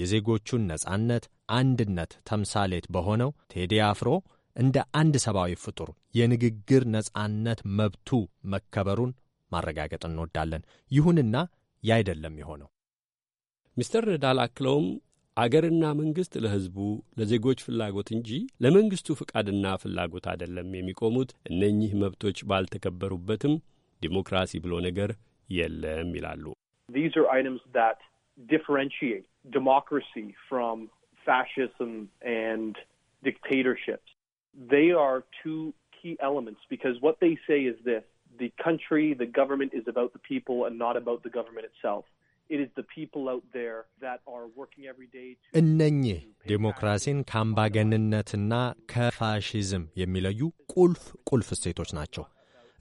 የዜጎቹን ነጻነት፣ አንድነት ተምሳሌት በሆነው ቴዲ አፍሮ እንደ አንድ ሰብአዊ ፍጡር የንግግር ነጻነት መብቱ መከበሩን ማረጋገጥ እንወዳለን። ይሁንና አይደለም የሆነው። ሚስተር ዳል አክለውም አገርና መንግሥት ለሕዝቡ ለዜጎች ፍላጎት እንጂ ለመንግሥቱ ፍቃድና ፍላጎት አይደለም የሚቆሙት። እነኚህ መብቶች ባልተከበሩበትም ዲሞክራሲ ብሎ ነገር የለም ይላሉ። ዲሞክራሲ እነኚህ ዴሞክራሲን ከአምባገንነትና ከፋሽዝም የሚለዩ ቁልፍ ቁልፍ እሴቶች ናቸው።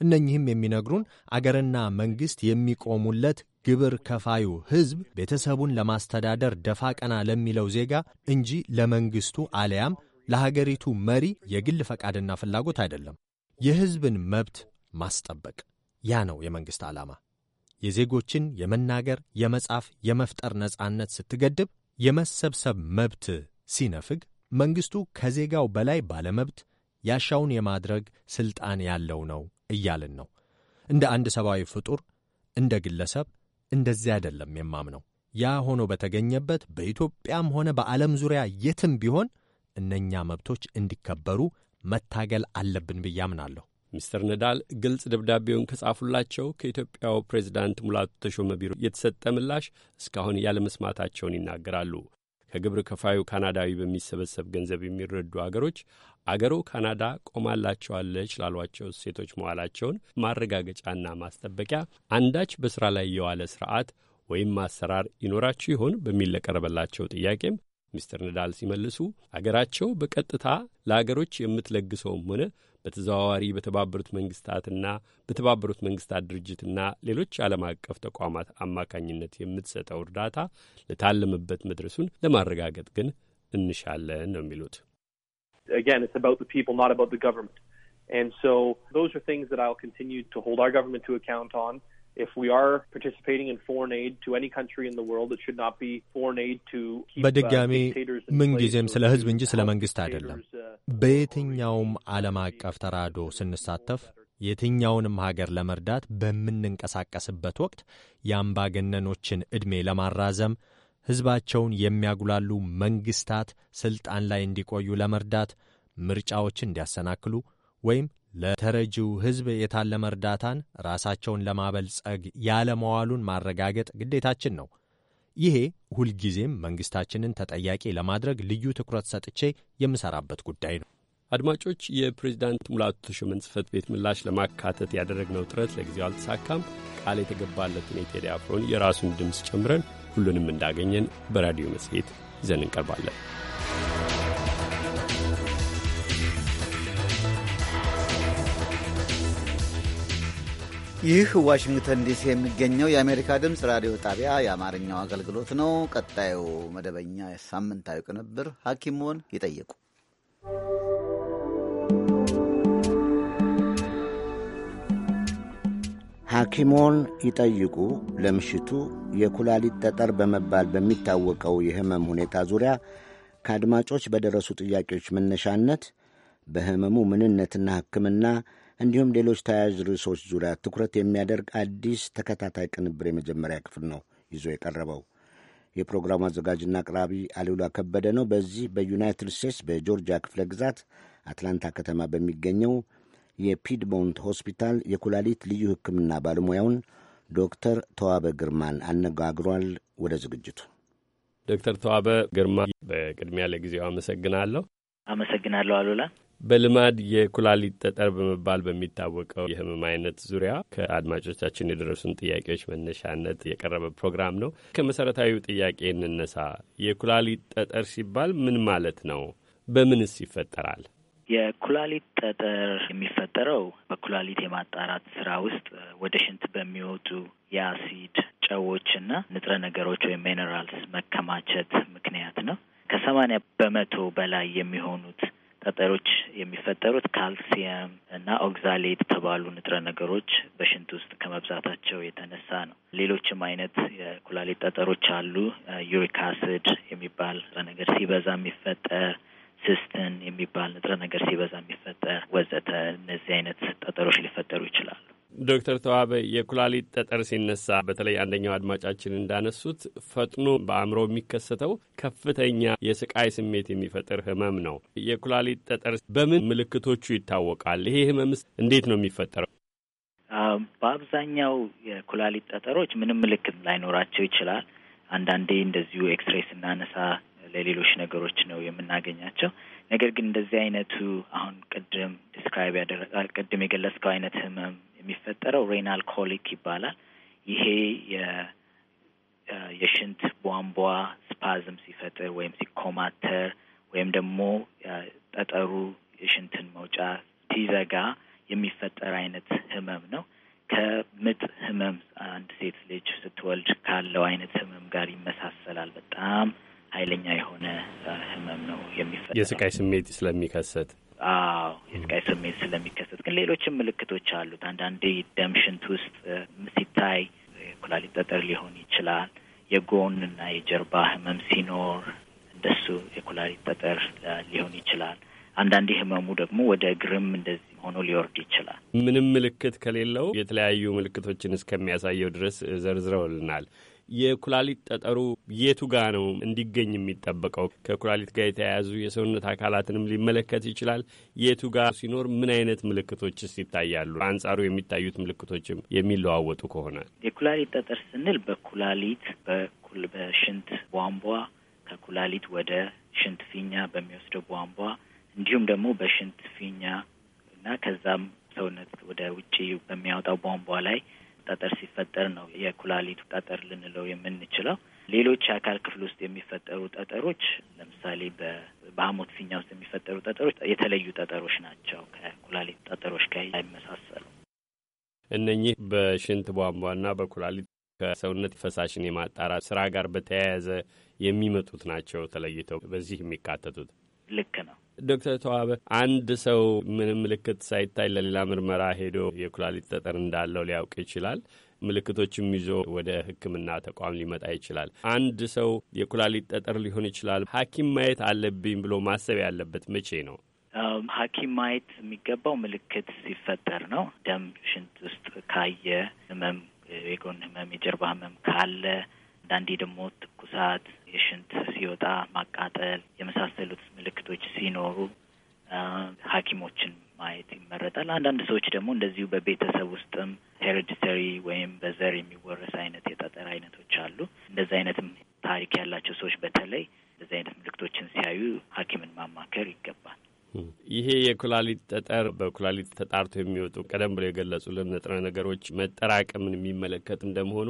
እነኚህም የሚነግሩን አገርና መንግሥት የሚቆሙለት ግብር ከፋዩ ሕዝብ ቤተሰቡን ለማስተዳደር ደፋ ቀና ለሚለው ዜጋ እንጂ ለመንግሥቱ አለያም ለሀገሪቱ መሪ የግል ፈቃድና ፍላጎት አይደለም። የሕዝብን መብት ማስጠበቅ ያ ነው የመንግሥት ዓላማ። የዜጎችን የመናገር፣ የመጻፍ፣ የመፍጠር ነጻነት ስትገድብ፣ የመሰብሰብ መብት ሲነፍግ፣ መንግሥቱ ከዜጋው በላይ ባለመብት ያሻውን የማድረግ ሥልጣን ያለው ነው እያልን ነው። እንደ አንድ ሰብአዊ ፍጡር፣ እንደ ግለሰብ እንደዚህ አይደለም የማምነው። ያ ሆኖ በተገኘበት በኢትዮጵያም ሆነ በዓለም ዙሪያ የትም ቢሆን እነኛ መብቶች እንዲከበሩ መታገል አለብን ብዬ አምናለሁ። ሚስተር ነዳል ግልጽ ደብዳቤውን ከጻፉላቸው ከኢትዮጵያው ፕሬዚዳንት ሙላቱ ተሾመ ቢሮ የተሰጠ ምላሽ እስካሁን ያለመስማታቸውን ይናገራሉ። ከግብር ከፋዩ ካናዳዊ በሚሰበሰብ ገንዘብ የሚረዱ አገሮች አገሩ ካናዳ ቆማላቸዋለች ላሏቸው ሴቶች መዋላቸውን ማረጋገጫና ማስጠበቂያ አንዳች በሥራ ላይ የዋለ ስርዓት ወይም አሰራር ይኖራችሁ ይሆን በሚል ለቀረበላቸው ጥያቄም ሚስተር ነዳል ሲመልሱ አገራቸው በቀጥታ ለአገሮች የምትለግሰውም ሆነ በተዘዋዋሪ በተባበሩት መንግስታትና በተባበሩት መንግስታት ድርጅትና ሌሎች ዓለም አቀፍ ተቋማት አማካኝነት የምትሰጠው እርዳታ ለታለመበት መድረሱን ለማረጋገጥ ግን እንሻለን ነው የሚሉት። And so those are things that I'll continue to hold our government to account on. if we are participating in foreign aid to any country in the world, it should not be foreign aid to keep uh, በድጋሚ ምንጊዜም ስለ ሕዝብ እንጂ ስለ መንግሥት አይደለም። uh, በየትኛውም ዓለም አቀፍ ተራዶ ስንሳተፍ የትኛውንም ሀገር ለመርዳት በምንንቀሳቀስበት ወቅት የአምባገነኖችን ዕድሜ ለማራዘም ሕዝባቸውን የሚያጉላሉ መንግሥታት ሥልጣን ላይ እንዲቆዩ ለመርዳት ምርጫዎችን እንዲያሰናክሉ ወይም ለተረጂው ሕዝብ የታለመ እርዳታን ራሳቸውን ለማበልጸግ ያለመዋሉን ማረጋገጥ ግዴታችን ነው። ይሄ ሁልጊዜም መንግሥታችንን ተጠያቂ ለማድረግ ልዩ ትኩረት ሰጥቼ የምሠራበት ጉዳይ ነው። አድማጮች፣ የፕሬዚዳንት ሙላቱ ተሾመን ጽህፈት ቤት ምላሽ ለማካተት ያደረግነው ጥረት ለጊዜው አልተሳካም። ቃል የተገባለትን የቴዲ አፍሮን የራሱን ድምፅ ጨምረን ሁሉንም እንዳገኘን በራዲዮ መጽሔት ይዘን እንቀርባለን። ይህ ዋሽንግተን ዲሲ የሚገኘው የአሜሪካ ድምፅ ራዲዮ ጣቢያ የአማርኛው አገልግሎት ነው። ቀጣዩ መደበኛ ሳምንታዊ ቅንብር ሀኪሞን ይጠይቁ ሐኪሞን ይጠይቁ ለምሽቱ የኩላሊት ጠጠር በመባል በሚታወቀው የህመም ሁኔታ ዙሪያ ከአድማጮች በደረሱ ጥያቄዎች መነሻነት በህመሙ ምንነትና ሕክምና እንዲሁም ሌሎች ተያያዥ ርዕሶች ዙሪያ ትኩረት የሚያደርግ አዲስ ተከታታይ ቅንብር የመጀመሪያ ክፍል ነው ይዞ የቀረበው። የፕሮግራሙ አዘጋጅና አቅራቢ አሉላ ከበደ ነው። በዚህ በዩናይትድ ስቴትስ በጆርጂያ ክፍለ ግዛት አትላንታ ከተማ በሚገኘው የፒድሞንት ሆስፒታል የኩላሊት ልዩ ሕክምና ባለሙያውን ዶክተር ተዋበ ግርማን አነጋግሯል። ወደ ዝግጅቱ ዶክተር ተዋበ ግርማ፣ በቅድሚያ ለጊዜው አመሰግናለሁ። አመሰግናለሁ አሉላ። በልማድ የኩላሊት ጠጠር በመባል በሚታወቀው የህመም አይነት ዙሪያ ከአድማጮቻችን የደረሱን ጥያቄዎች መነሻነት የቀረበ ፕሮግራም ነው። ከመሰረታዊው ጥያቄ እንነሳ። የኩላሊት ጠጠር ሲባል ምን ማለት ነው? በምንስ ይፈጠራል? የኩላሊት ጠጠር የሚፈጠረው በኩላሊት የማጣራት ስራ ውስጥ ወደ ሽንት በሚወጡ የአሲድ ጨዎችና ንጥረ ነገሮች ወይም ሚኔራልስ መከማቸት ምክንያት ነው። ከሰማኒያ በመቶ በላይ የሚሆኑት ጠጠሮች የሚፈጠሩት ካልሲየም እና ኦግዛሌት የተባሉ ንጥረ ነገሮች በሽንት ውስጥ ከመብዛታቸው የተነሳ ነው። ሌሎችም አይነት የኩላሊት ጠጠሮች አሉ። ዩሪክ አሲድ የሚባል ንጥረ ነገር ሲበዛ የሚፈጠር ስስትን የሚባል ንጥረ ነገር ሲበዛ የሚፈጠር ወዘተ። እነዚህ አይነት ጠጠሮች ሊፈጠሩ ይችላሉ። ዶክተር ተዋበ የኩላሊት ጠጠር ሲነሳ በተለይ አንደኛው አድማጫችን እንዳነሱት ፈጥኖ በአእምሮ የሚከሰተው ከፍተኛ የስቃይ ስሜት የሚፈጥር ህመም ነው። የኩላሊት ጠጠር በምን ምልክቶቹ ይታወቃል? ይሄ ህመምስ እንዴት ነው የሚፈጠረው? በአብዛኛው የኩላሊት ጠጠሮች ምንም ምልክት ላይኖራቸው ይችላል። አንዳንዴ እንደዚሁ ኤክስሬ ስናነሳ ለሌሎች ነገሮች ነው የምናገኛቸው። ነገር ግን እንደዚህ አይነቱ አሁን ቅድም ዲስክራይብ ያደረጋል ቅድም የገለጽከው አይነት ህመም የሚፈጠረው ሬናል ኮሊክ ይባላል። ይሄ የሽንት ቧንቧ ስፓዝም ሲፈጥር ወይም ሲኮማተር ወይም ደግሞ ጠጠሩ የሽንትን መውጫ ሲዘጋ የሚፈጠር አይነት ህመም ነው። ከምጥ ህመም አንድ ሴት ልጅ ስትወልድ ካለው አይነት ህመም ጋር ይመሳሰላል። በጣም ኃይለኛ የሆነ ህመም ነው የሚፈጠረው የስቃይ ስሜት ስለሚከሰት። አዎ የስቃይ ስሜት ስለሚከሰት ግን ሌሎችም ምልክቶች አሉት። አንዳንዴ ደም ሽንት ውስጥ ሲታይ የኩላሊት ጠጠር ሊሆን ይችላል። የጎን እና የጀርባ ህመም ሲኖር እንደሱ የኩላሊት ጠጠር ሊሆን ይችላል። አንዳንዴ ህመሙ ደግሞ ወደ እግርም እንደዚህ ሆኖ ሊወርድ ይችላል። ምንም ምልክት ከሌለው የተለያዩ ምልክቶችን እስከሚያሳየው ድረስ ዘርዝረውልናል። የኩላሊት ጠጠሩ የቱ ጋ ነው እንዲገኝ የሚጠበቀው? ከኩላሊት ጋር የተያያዙ የሰውነት አካላትንም ሊመለከት ይችላል። የቱ ጋ ሲኖር ምን አይነት ምልክቶችስ ይታያሉ? አንጻሩ የሚታዩት ምልክቶችም የሚለዋወጡ ከሆነ የኩላሊት ጠጠር ስንል በኩላሊት በኩል በሽንት ቧንቧ ከኩላሊት ወደ ሽንት ፊኛ በሚወስደው ቧንቧ እንዲሁም ደግሞ በሽንት ፊኛ እና ከዛም ሰውነት ወደ ውጭ በሚያወጣው ቧንቧ ላይ ጠጠር ሲፈጠር ነው የኩላሊቱ ጠጠር ልንለው የምንችለው። ሌሎች የአካል ክፍል ውስጥ የሚፈጠሩ ጠጠሮች ለምሳሌ በሐሞት ፊኛ ውስጥ የሚፈጠሩ ጠጠሮች የተለዩ ጠጠሮች ናቸው። ከኩላሊት ጠጠሮች ጋር አይመሳሰሉ። እነኚህ በሽንት ቧንቧና በኩላሊት ከሰውነት ፈሳሽን የማጣራት ስራ ጋር በተያያዘ የሚመጡት ናቸው ተለይተው በዚህ የሚካተቱት። ልክ ነው። ዶክተር ተዋበ አንድ ሰው ምንም ምልክት ሳይታይ ለሌላ ምርመራ ሄዶ የኩላሊት ጠጠር እንዳለው ሊያውቅ ይችላል። ምልክቶችም ይዞ ወደ ሕክምና ተቋም ሊመጣ ይችላል። አንድ ሰው የኩላሊት ጠጠር ሊሆን ይችላል፣ ሐኪም ማየት አለብኝ ብሎ ማሰብ ያለበት መቼ ነው? ሐኪም ማየት የሚገባው ምልክት ሲፈጠር ነው። ደም ሽንት ውስጥ ካየ ህመም፣ የጎን ህመም፣ የጀርባ ህመም ካለ አንዳንዴ ደግሞ ትኩሳት፣ የሽንት ሲወጣ ማቃጠል የመሳሰሉት ምልክቶች ሲኖሩ ሐኪሞችን ማየት ይመረጣል። አንዳንድ ሰዎች ደግሞ እንደዚሁ በቤተሰብ ውስጥም ሄሬዲተሪ ወይም በዘር የሚወረስ አይነት የጠጠር አይነቶች አሉ። እንደዚህ አይነትም ታሪክ ያላቸው ሰዎች በተለይ እንደዚህ አይነት ምልክቶችን ሲያዩ ሐኪምን ማማከር ይገባል። ይሄ የኩላሊት ጠጠር በኩላሊት ተጣርቶ የሚወጡ ቀደም ብሎ የገለጹልን ንጥረ ነገሮች መጠራቀምን የሚመለከት እንደመሆኑ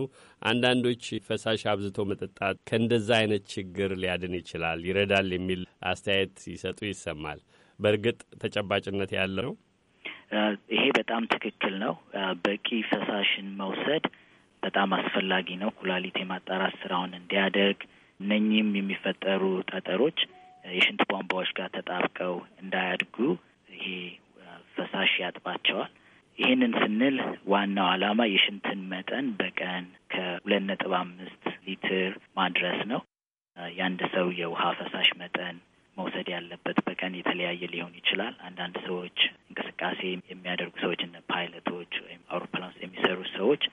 አንዳንዶች ፈሳሽ አብዝቶ መጠጣት ከእንደዛ አይነት ችግር ሊያድን ይችላል፣ ይረዳል የሚል አስተያየት ሲሰጡ ይሰማል። በእርግጥ ተጨባጭነት ያለ ነው? ይሄ በጣም ትክክል ነው። በቂ ፈሳሽን መውሰድ በጣም አስፈላጊ ነው። ኩላሊት የማጣራት ስራውን እንዲያደርግ እነኚህም የሚፈጠሩ ጠጠሮች የሽንት ቧንቧዎች ጋር ተጣብቀው እንዳያድጉ ይሄ ፈሳሽ ያጥባቸዋል። ይህንን ስንል ዋናው ዓላማ የሽንትን መጠን በቀን ከሁለት ነጥብ አምስት ሊትር ማድረስ ነው። የአንድ ሰው የውሃ ፈሳሽ መጠን መውሰድ ያለበት በቀን የተለያየ ሊሆን ይችላል። አንዳንድ ሰዎች እንቅስቃሴ የሚያደርጉ ሰዎች እነ ፓይለቶች ወይም አውሮፕላን የሚሰሩ ሰዎች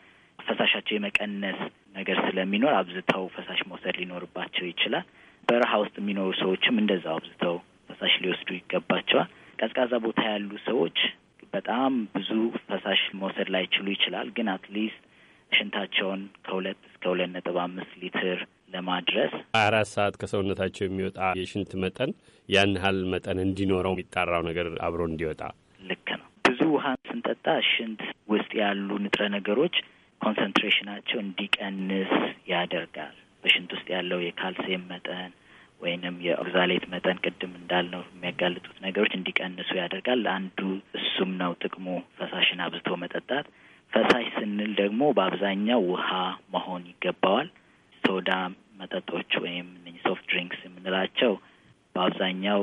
ፈሳሻቸው የመቀነስ ነገር ስለሚኖር አብዝተው ፈሳሽ መውሰድ ሊኖርባቸው ይችላል። በረሃ ውስጥ የሚኖሩ ሰዎችም እንደዛው አብዝተው ፈሳሽ ሊወስዱ ይገባቸዋል። ቀዝቃዛ ቦታ ያሉ ሰዎች በጣም ብዙ ፈሳሽ መውሰድ ላይችሉ ይችላል። ግን አትሊስት ሽንታቸውን ከሁለት እስከ ሁለት ነጥብ አምስት ሊትር ለማድረስ አራት ሰዓት ከሰውነታቸው የሚወጣ የሽንት መጠን ያን ያህል መጠን እንዲኖረው የሚጣራው ነገር አብሮ እንዲወጣ ልክ ነው። ብዙ ውሃን ስንጠጣ ሽንት ውስጥ ያሉ ንጥረ ነገሮች ኮንሰንትሬሽናቸው እንዲቀንስ ያደርጋል። በሽንት ውስጥ ያለው የካልሲየም መጠን ወይንም የኦግዛሌት መጠን ቅድም እንዳልነው የሚያጋልጡት ነገሮች እንዲቀንሱ ያደርጋል። አንዱ እሱም ነው ጥቅሙ ፈሳሽን አብዝቶ መጠጣት። ፈሳሽ ስንል ደግሞ በአብዛኛው ውሃ መሆን ይገባዋል። ሶዳ መጠጦች ወይም ሶፍት ድሪንክስ የምንላቸው በአብዛኛው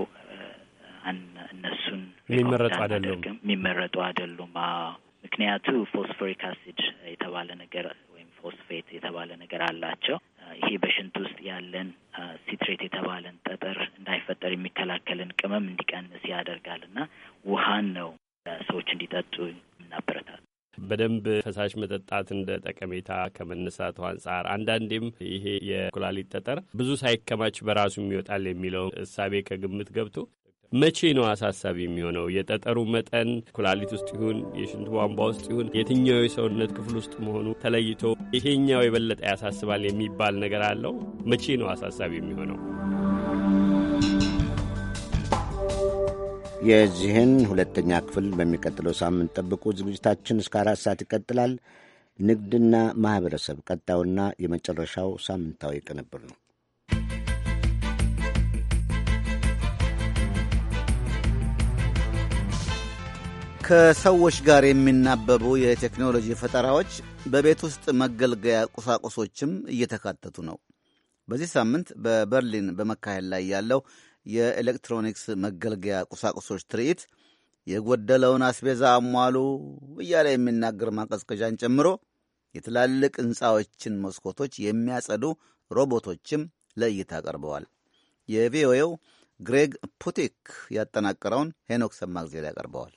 እነሱን የሚመረጡ አይደሉም የሚመረጡ አይደሉም። ምክንያቱ ፎስፎሪክ አሲድ የተባለ ነገር ወይም ፎስፌት የተባለ ነገር አላቸው ይሄ በሽንት ውስጥ ያለን ሲትሬት የተባለን ጠጠር እንዳይፈጠር የሚከላከልን ቅመም እንዲቀንስ ያደርጋል እና ውሃን ነው ሰዎች እንዲጠጡ እናበረታል። በደንብ ፈሳሽ መጠጣት እንደ ጠቀሜታ ከመነሳቱ አንጻር አንዳንዴም ይሄ የኩላሊት ጠጠር ብዙ ሳይከማች በራሱ ይወጣል የሚለው እሳቤ ከግምት ገብቶ መቼ ነው አሳሳቢ የሚሆነው? የጠጠሩ መጠን ኩላሊት ውስጥ ይሁን የሽንት ቧንቧ ውስጥ ይሁን የትኛው የሰውነት ክፍል ውስጥ መሆኑ ተለይቶ ይሄኛው የበለጠ ያሳስባል የሚባል ነገር አለው? መቼ ነው አሳሳቢ የሚሆነው? የዚህን ሁለተኛ ክፍል በሚቀጥለው ሳምንት ጠብቁ። ዝግጅታችን እስከ አራት ሰዓት ይቀጥላል። ንግድና ማኅበረሰብ ቀጣዩና የመጨረሻው ሳምንታዊ ቅንብር ነው። ከሰዎች ጋር የሚናበቡ የቴክኖሎጂ ፈጠራዎች በቤት ውስጥ መገልገያ ቁሳቁሶችም እየተካተቱ ነው። በዚህ ሳምንት በበርሊን በመካሄድ ላይ ያለው የኤሌክትሮኒክስ መገልገያ ቁሳቁሶች ትርኢት የጎደለውን አስቤዛ አሟሉ እያለ የሚናገር ማቀዝቀዣን ጨምሮ የትላልቅ ሕንፃዎችን መስኮቶች የሚያጸዱ ሮቦቶችም ለእይታ ቀርበዋል። የቪኦኤው ግሬግ ፑቲክ ያጠናቀረውን ሄኖክ ሰማግዜል ያቀርበዋል።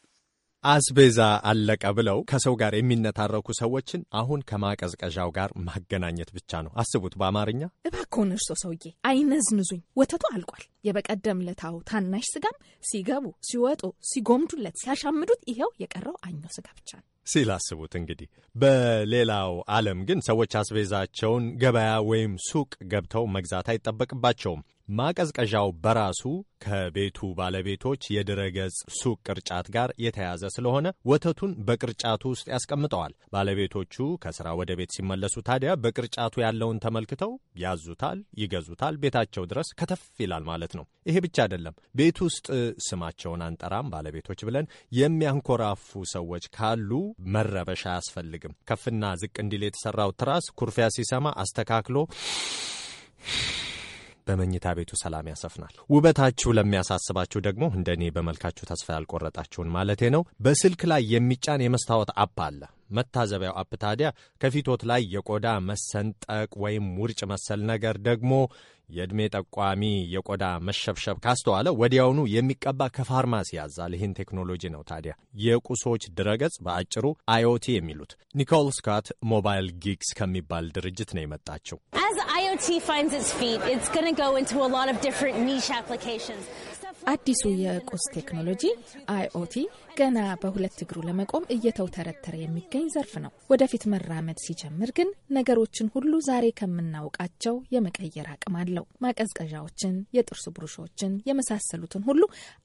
አስቤዛ አለቀ ብለው ከሰው ጋር የሚነታረኩ ሰዎችን አሁን ከማቀዝቀዣው ጋር ማገናኘት ብቻ ነው። አስቡት በአማርኛ። እባክዎን እርሶ ሰውዬ አይነዝንዙኝ፣ ወተቱ አልቋል። የበቀደም ለታው ታናሽ ስጋም ሲገቡ ሲወጡ ሲጎምዱለት ሲያሻምዱት ይኸው የቀረው አኛው ስጋ ብቻ ነው ሲል አስቡት እንግዲህ። በሌላው ዓለም ግን ሰዎች አስቤዛቸውን ገበያ ወይም ሱቅ ገብተው መግዛት አይጠበቅባቸውም። ማቀዝቀዣው በራሱ ከቤቱ ባለቤቶች የድረገጽ ሱቅ ቅርጫት ጋር የተያዘ ስለሆነ ወተቱን በቅርጫቱ ውስጥ ያስቀምጠዋል። ባለቤቶቹ ከስራ ወደ ቤት ሲመለሱ ታዲያ በቅርጫቱ ያለውን ተመልክተው ያዙታል፣ ይገዙታል፣ ቤታቸው ድረስ ከተፍ ይላል ማለት ነው። ይሄ ብቻ አይደለም። ቤት ውስጥ ስማቸውን አንጠራም ባለቤቶች ብለን የሚያንኮራፉ ሰዎች ካሉ መረበሻ አያስፈልግም። ከፍና ዝቅ እንዲል የተሰራው ትራስ ኩርፊያ ሲሰማ አስተካክሎ በመኝታ ቤቱ ሰላም ያሰፍናል። ውበታችሁ ለሚያሳስባችሁ ደግሞ እንደኔ በመልካችሁ ተስፋ ያልቆረጣችሁን ማለቴ ነው። በስልክ ላይ የሚጫን የመስታወት አፕ አለ። መታዘቢያው አፕ ታዲያ ከፊቶት ላይ የቆዳ መሰንጠቅ ወይም ውርጭ መሰል ነገር ደግሞ የዕድሜ ጠቋሚ የቆዳ መሸብሸብ ካስተዋለ ወዲያውኑ የሚቀባ ከፋርማሲ ያዛል። ይህን ቴክኖሎጂ ነው ታዲያ የቁሶች ድረገጽ በአጭሩ አይኦቲ የሚሉት ኒኮል ስካት ሞባይል ጊግስ ከሚባል ድርጅት ነው የመጣችው። IoT finds its feet, it's going to go into a lot of different niche applications. አዲሱ የቁስ ቴክኖሎጂ አይኦቲ ገና በሁለት እግሩ ለመቆም እየተውተረተረ የሚገኝ ዘርፍ ነው። ወደፊት መራመድ ሲጀምር ግን ነገሮችን ሁሉ ዛሬ ከምናውቃቸው የመቀየር አቅም አለው። ማቀዝቀዣዎችን፣ የጥርስ ብሩሾችን የመሳሰሉትን ሁሉ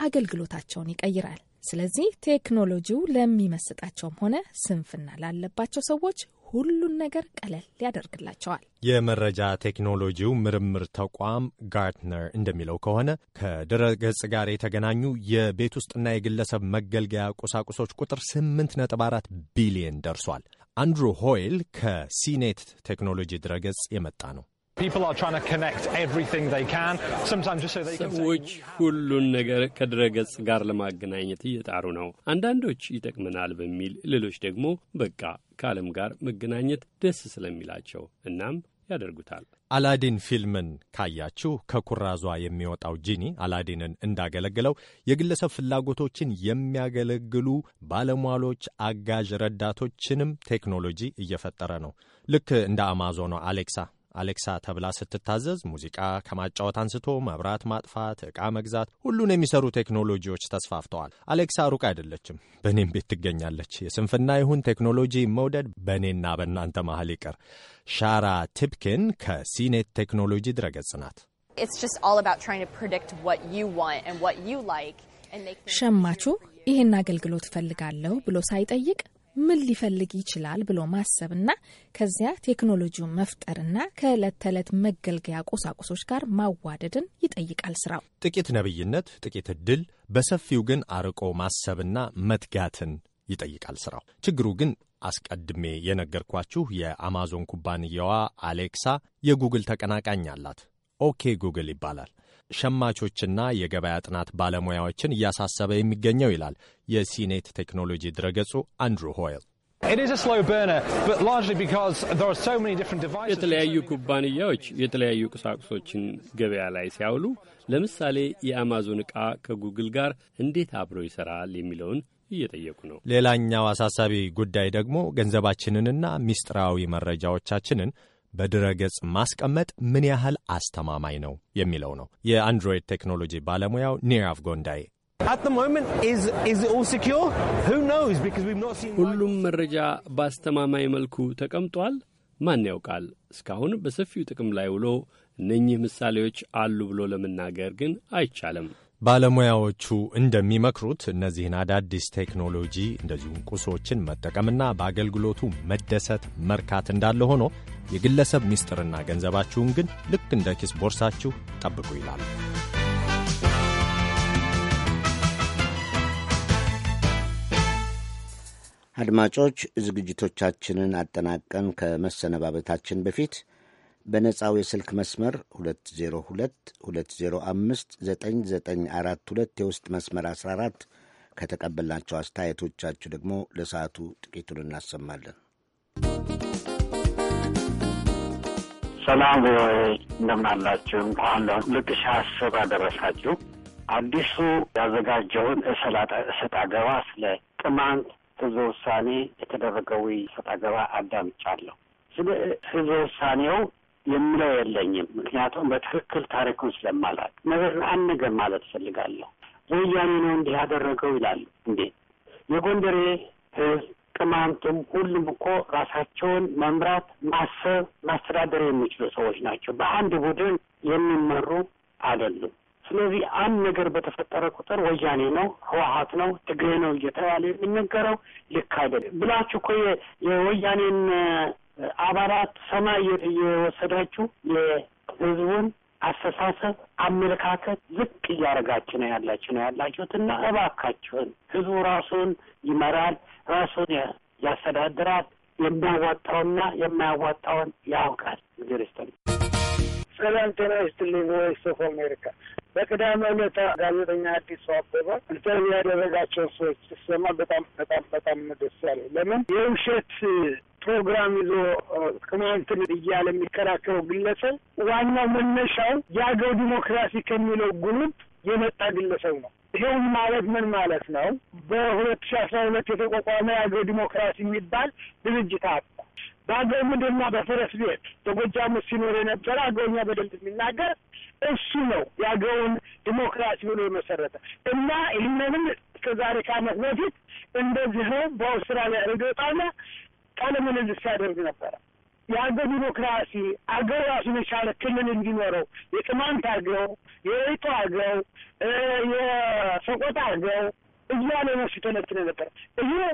አገልግሎታቸውን ይቀይራል። ስለዚህ ቴክኖሎጂው ለሚመስጣቸውም ሆነ ስንፍና ላለባቸው ሰዎች ሁሉን ነገር ቀለል ያደርግላቸዋል። የመረጃ ቴክኖሎጂው ምርምር ተቋም ጋርትነር እንደሚለው ከሆነ ከድረ ገጽ ጋር የተገናኙ የቤት ውስጥና የግለሰብ መገልገያ ቁሳቁሶች ቁጥር 8.4 ቢሊየን ደርሷል። አንድሩ ሆይል ከሲኔት ቴክኖሎጂ ድረገጽ የመጣ ነው። ሰዎች ሁሉን ነገር ከድረገጽ ጋር ለማገናኘት እየጣሩ ነው። አንዳንዶች ይጠቅመናል በሚል ሌሎች ደግሞ በቃ ከዓለም ጋር መገናኘት ደስ ስለሚላቸው እናም ያደርጉታል። አላዲን ፊልምን ካያችሁ ከኩራዟ የሚወጣው ጂኒ አላዲንን እንዳገለግለው የግለሰብ ፍላጎቶችን የሚያገለግሉ ባለሟሎች፣ አጋዥ ረዳቶችንም ቴክኖሎጂ እየፈጠረ ነው። ልክ እንደ አማዞኗ አሌክሳ አሌክሳ ተብላ ስትታዘዝ ሙዚቃ ከማጫወት አንስቶ መብራት ማጥፋት፣ ዕቃ መግዛት፣ ሁሉን የሚሰሩ ቴክኖሎጂዎች ተስፋፍተዋል። አሌክሳ ሩቅ አይደለችም፣ በእኔም ቤት ትገኛለች። የስንፍና ይሁን ቴክኖሎጂ መውደድ በእኔና በእናንተ መሀል ይቅር። ሻራ ቲፕኪን ከሲኔት ቴክኖሎጂ ድረገጽ ናት። ሸማቹ ይህን አገልግሎት እፈልጋለሁ ብሎ ሳይጠይቅ ምን ሊፈልግ ይችላል ብሎ ማሰብና ከዚያ ቴክኖሎጂውን መፍጠርና ከዕለት ተዕለት መገልገያ ቁሳቁሶች ጋር ማዋደድን ይጠይቃል ስራው። ጥቂት ነብይነት፣ ጥቂት እድል፣ በሰፊው ግን አርቆ ማሰብና መትጋትን ይጠይቃል ስራው። ችግሩ ግን አስቀድሜ የነገርኳችሁ የአማዞን ኩባንያዋ አሌክሳ የጉግል ተቀናቃኝ አላት። ኦኬ ጉግል ይባላል። ሸማቾችና የገበያ ጥናት ባለሙያዎችን እያሳሰበ የሚገኘው ይላል የሲኔት ቴክኖሎጂ ድረገጹ አንድሩ ሆይል። የተለያዩ ኩባንያዎች የተለያዩ ቁሳቁሶችን ገበያ ላይ ሲያውሉ ለምሳሌ የአማዞን ዕቃ ከጉግል ጋር እንዴት አብሮ ይሠራል የሚለውን እየጠየቁ ነው። ሌላኛው አሳሳቢ ጉዳይ ደግሞ ገንዘባችንንና ሚስጥራዊ መረጃዎቻችንን ገጽ ማስቀመጥ ምን ያህል አስተማማኝ ነው የሚለው ነው የአንድሮይድ ቴክኖሎጂ ባለሙያው ኒራቭ ጎንዳይ። ሁሉም መረጃ በአስተማማኝ መልኩ ተቀምጧል። ማን ያውቃል? እስካሁን በሰፊው ጥቅም ላይ ውሎ እነኚህ ምሳሌዎች አሉ ብሎ ለመናገር ግን አይቻልም። ባለሙያዎቹ እንደሚመክሩት እነዚህን አዳዲስ ቴክኖሎጂ እንደዚሁም ቁሶችን መጠቀምና በአገልግሎቱ መደሰት መርካት እንዳለ ሆኖ የግለሰብ ምስጢርና ገንዘባችሁን ግን ልክ እንደ ኪስ ቦርሳችሁ ጠብቁ ይላል። አድማጮች ዝግጅቶቻችንን አጠናቀን ከመሰነባበታችን በፊት በነጻው የስልክ መስመር 2022059942 የውስጥ መስመር 14 ከተቀበልናቸው አስተያየቶቻችሁ ደግሞ ለሰዓቱ ጥቂቱን እናሰማለን። ሰላም ቪኦኤ፣ እንደምናላችሁ እንኳን ለሁለት ሺህ አስር አደረሳችሁ። አዲሱ ያዘጋጀውን እሰጥ አገባ ስለ ቅማንት ህዝበ ውሳኔ የተደረገው እሰጥ አገባ አዳምጫለሁ። ስለ ህዝበ ውሳኔው የምለው የለኝም። ምክንያቱም በትክክል ታሪኩን ስለማላቅ ነገር አንድ ነገር ማለት እፈልጋለሁ። ወያኔ ነው እንዲህ ያደረገው ይላሉ እንዴ? የጎንደሬ ህዝብ ቅማንቱም ሁሉም እኮ ራሳቸውን መምራት፣ ማሰብ፣ ማስተዳደር የሚችሉ ሰዎች ናቸው። በአንድ ቡድን የሚመሩ አይደሉም። ስለዚህ አንድ ነገር በተፈጠረ ቁጥር ወያኔ ነው፣ ህወሀት ነው፣ ትግሬ ነው እየተባለ የሚነገረው ልክ አይደለም ብላችሁ እኮ የወያኔን አባላት ሰማይ እየወሰዳችሁ የህዝቡን አስተሳሰብ አመለካከት ዝቅ እያደረጋችሁ ነው ያላችሁ ነው ያላችሁት እና እባካችሁን ህዝቡ ራሱን ይመራል፣ ራሱን ያስተዳድራል። የሚያዋጣውና የማያዋጣውን ያውቃል። ግርስተን ሰላም ጤና ይስጥልኝ። ቮይስ ኦፍ አሜሪካ በቅዳሜ ዕለት ጋዜጠኛ አዲሱ አበበ ኢንተርቪው ያደረጋቸውን ሰዎች ስሰማ በጣም በጣም በጣም ደስ ያለ። ለምን የውሸት ፕሮግራም ይዞ ቅማንትን እያለ የሚከራከረው ግለሰብ ዋናው መነሻው የአገው ዲሞክራሲ ከሚለው ግሩፕ የመጣ ግለሰብ ነው። ይሄውም ማለት ምን ማለት ነው? በሁለት ሺ አስራ ሁለት የተቋቋመ የአገው ዲሞክራሲ የሚባል ድርጅት አለ። በአገው ምድርና በፈረስ ቤት በጎጃም ውስጥ ሲኖር የነበረ አገውኛ በደንብ የሚናገር እሱ ነው የአገውን ዲሞክራሲ ብሎ የመሰረተ እና ይህንንም እስከ ዛሬ በፊት እንደዚህ ነው በአውስትራሊያ ሬዲዮ ጣቢያ ቃለ ምልልስ ሲያደርግ ነበረ። የሀገር ዲሞክራሲ አገር ራሱን የቻለ ክልል እንዲኖረው የቅማንት አገው፣ የወይጦ አገው፣ የሰቆጣ አገው እያለ ነው ሲተነትነ ነበር። ይህ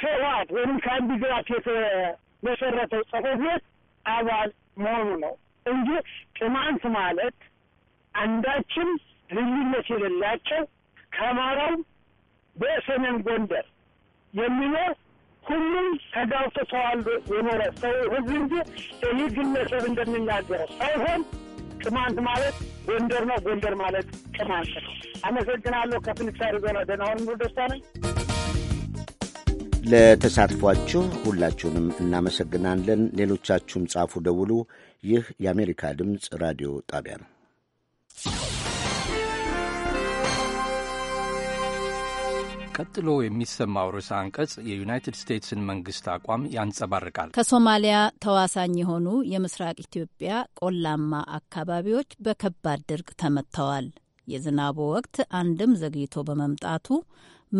ከህወሓት ወይም ከአንድ ግራት የተመሰረተው ጽሕፈት ቤት አባል መሆኑ ነው እንጂ ቅማንት ማለት አንዳችም ልዩነት የሌላቸው ከአማራው በሰሜን ጎንደር የሚኖር ሁሉም ተጋብቶ ተዋልዶ የኖረ ሰው ህዝብ እንጂ ይህ ግለሰብ እንደሚናገረው ሳይሆን ቅማንት ማለት ጎንደር ነው። ጎንደር ማለት ቅማንት ነው። አመሰግናለሁ። ከፍንቻሪ ዞና ደናሁን ሙሉ ደስታ ነኝ። ለተሳትፏችሁ ሁላችሁንም እናመሰግናለን። ሌሎቻችሁም ጻፉ፣ ደውሉ። ይህ የአሜሪካ ድምፅ ራዲዮ ጣቢያ ነው። ቀጥሎ የሚሰማው ርዕሰ አንቀጽ የዩናይትድ ስቴትስን መንግስት አቋም ያንጸባርቃል። ከሶማሊያ ተዋሳኝ የሆኑ የምስራቅ ኢትዮጵያ ቆላማ አካባቢዎች በከባድ ድርቅ ተመትተዋል። የዝናቡ ወቅት አንድም ዘግይቶ በመምጣቱ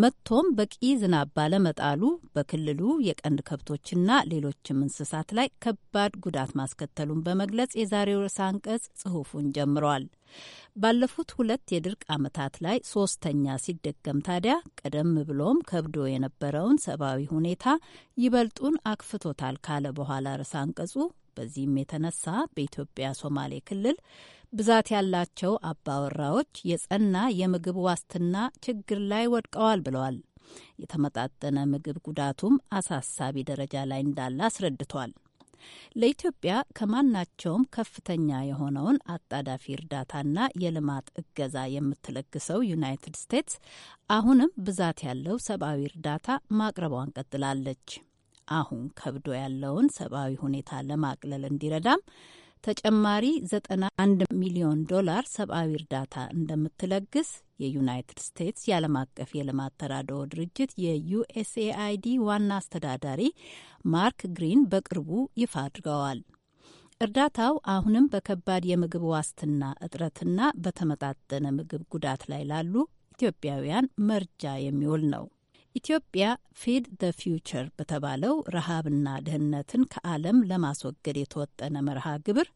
መጥቶም በቂ ዝናብ ባለመጣሉ በክልሉ የቀንድ ከብቶችና ሌሎችም እንስሳት ላይ ከባድ ጉዳት ማስከተሉን በመግለጽ የዛሬው ርዕሰ አንቀጽ ጽሑፉን ጀምሯል። ባለፉት ሁለት የድርቅ ዓመታት ላይ ሶስተኛ ሲደገም ታዲያ ቀደም ብሎም ከብዶ የነበረውን ሰብአዊ ሁኔታ ይበልጡን አክፍቶታል ካለ በኋላ ርዕሰ አንቀጹ በዚህም የተነሳ በኢትዮጵያ ሶማሌ ክልል ብዛት ያላቸው አባወራዎች የጸና የምግብ ዋስትና ችግር ላይ ወድቀዋል ብለዋል። የተመጣጠነ ምግብ ጉዳቱም አሳሳቢ ደረጃ ላይ እንዳለ አስረድቷል። ለኢትዮጵያ ከማናቸውም ከፍተኛ የሆነውን አጣዳፊ እርዳታና የልማት እገዛ የምትለግሰው ዩናይትድ ስቴትስ አሁንም ብዛት ያለው ሰብአዊ እርዳታ ማቅረቧን ቀጥላለች። አሁን ከብዶ ያለውን ሰብአዊ ሁኔታ ለማቅለል እንዲረዳም ተጨማሪ 91 ሚሊዮን ዶላር ሰብአዊ እርዳታ እንደምትለግስ የዩናይትድ ስቴትስ የዓለም አቀፍ የልማት ተራድኦ ድርጅት የዩኤስኤአይዲ ዋና አስተዳዳሪ ማርክ ግሪን በቅርቡ ይፋ አድርገዋል። እርዳታው አሁንም በከባድ የምግብ ዋስትና እጥረትና በተመጣጠነ ምግብ ጉዳት ላይ ላሉ ኢትዮጵያውያን መርጃ የሚውል ነው። ኢትዮጵያ ፌድ ዘ ፊውቸር በተባለው ረሃብና ድህነትን ከዓለም ለማስወገድ የተወጠነ መርሃ ግብር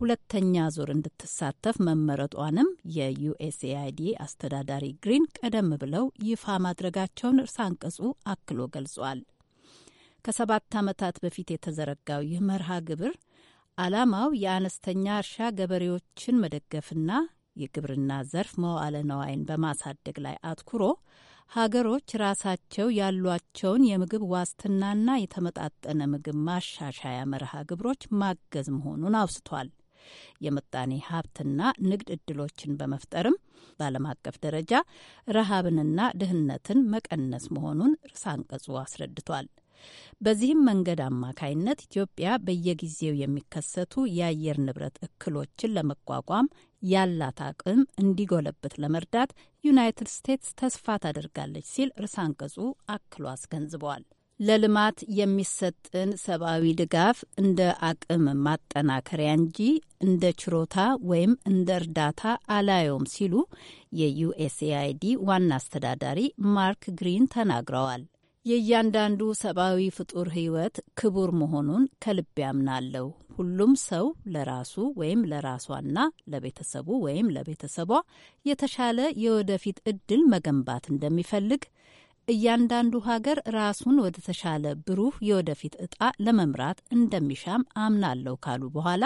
ሁለተኛ ዙር እንድትሳተፍ መመረጧንም የዩኤስኤአይዲ አስተዳዳሪ ግሪን ቀደም ብለው ይፋ ማድረጋቸውን እርሳ አንቀጹ አክሎ ገልጿል። ከሰባት ዓመታት በፊት የተዘረጋው ይህ መርሃ ግብር ዓላማው የአነስተኛ እርሻ ገበሬዎችን መደገፍና የግብርና ዘርፍ መዋዕለ ነዋይን በማሳደግ ላይ አትኩሮ ሀገሮች ራሳቸው ያሏቸውን የምግብ ዋስትናና የተመጣጠነ ምግብ ማሻሻያ መርሃ ግብሮች ማገዝ መሆኑን አውስቷል። የምጣኔ ሀብትና ንግድ እድሎችን በመፍጠርም በዓለም አቀፍ ደረጃ ረሃብንና ድህነትን መቀነስ መሆኑን ርዕሰ አንቀጹ አስረድቷል። በዚህም መንገድ አማካይነት ኢትዮጵያ በየጊዜው የሚከሰቱ የአየር ንብረት እክሎችን ለመቋቋም ያላት አቅም እንዲጎለብት ለመርዳት ዩናይትድ ስቴትስ ተስፋ ታደርጋለች ሲል ርዕሰ አንቀጹ አክሎ አስገንዝበዋል። ለልማት የሚሰጥን ሰብአዊ ድጋፍ እንደ አቅም ማጠናከሪያ እንጂ እንደ ችሮታ ወይም እንደ እርዳታ አላየውም ሲሉ የዩኤስኤአይዲ ዋና አስተዳዳሪ ማርክ ግሪን ተናግረዋል። የእያንዳንዱ ሰብአዊ ፍጡር ህይወት ክቡር መሆኑን ከልብ ያምናለሁ። ሁሉም ሰው ለራሱ ወይም ለራሷና ለቤተሰቡ ወይም ለቤተሰቧ የተሻለ የወደፊት እድል መገንባት እንደሚፈልግ እያንዳንዱ ሀገር ራሱን ወደ ተሻለ ብሩህ የወደፊት እጣ ለመምራት እንደሚሻም አምናለሁ ካሉ በኋላ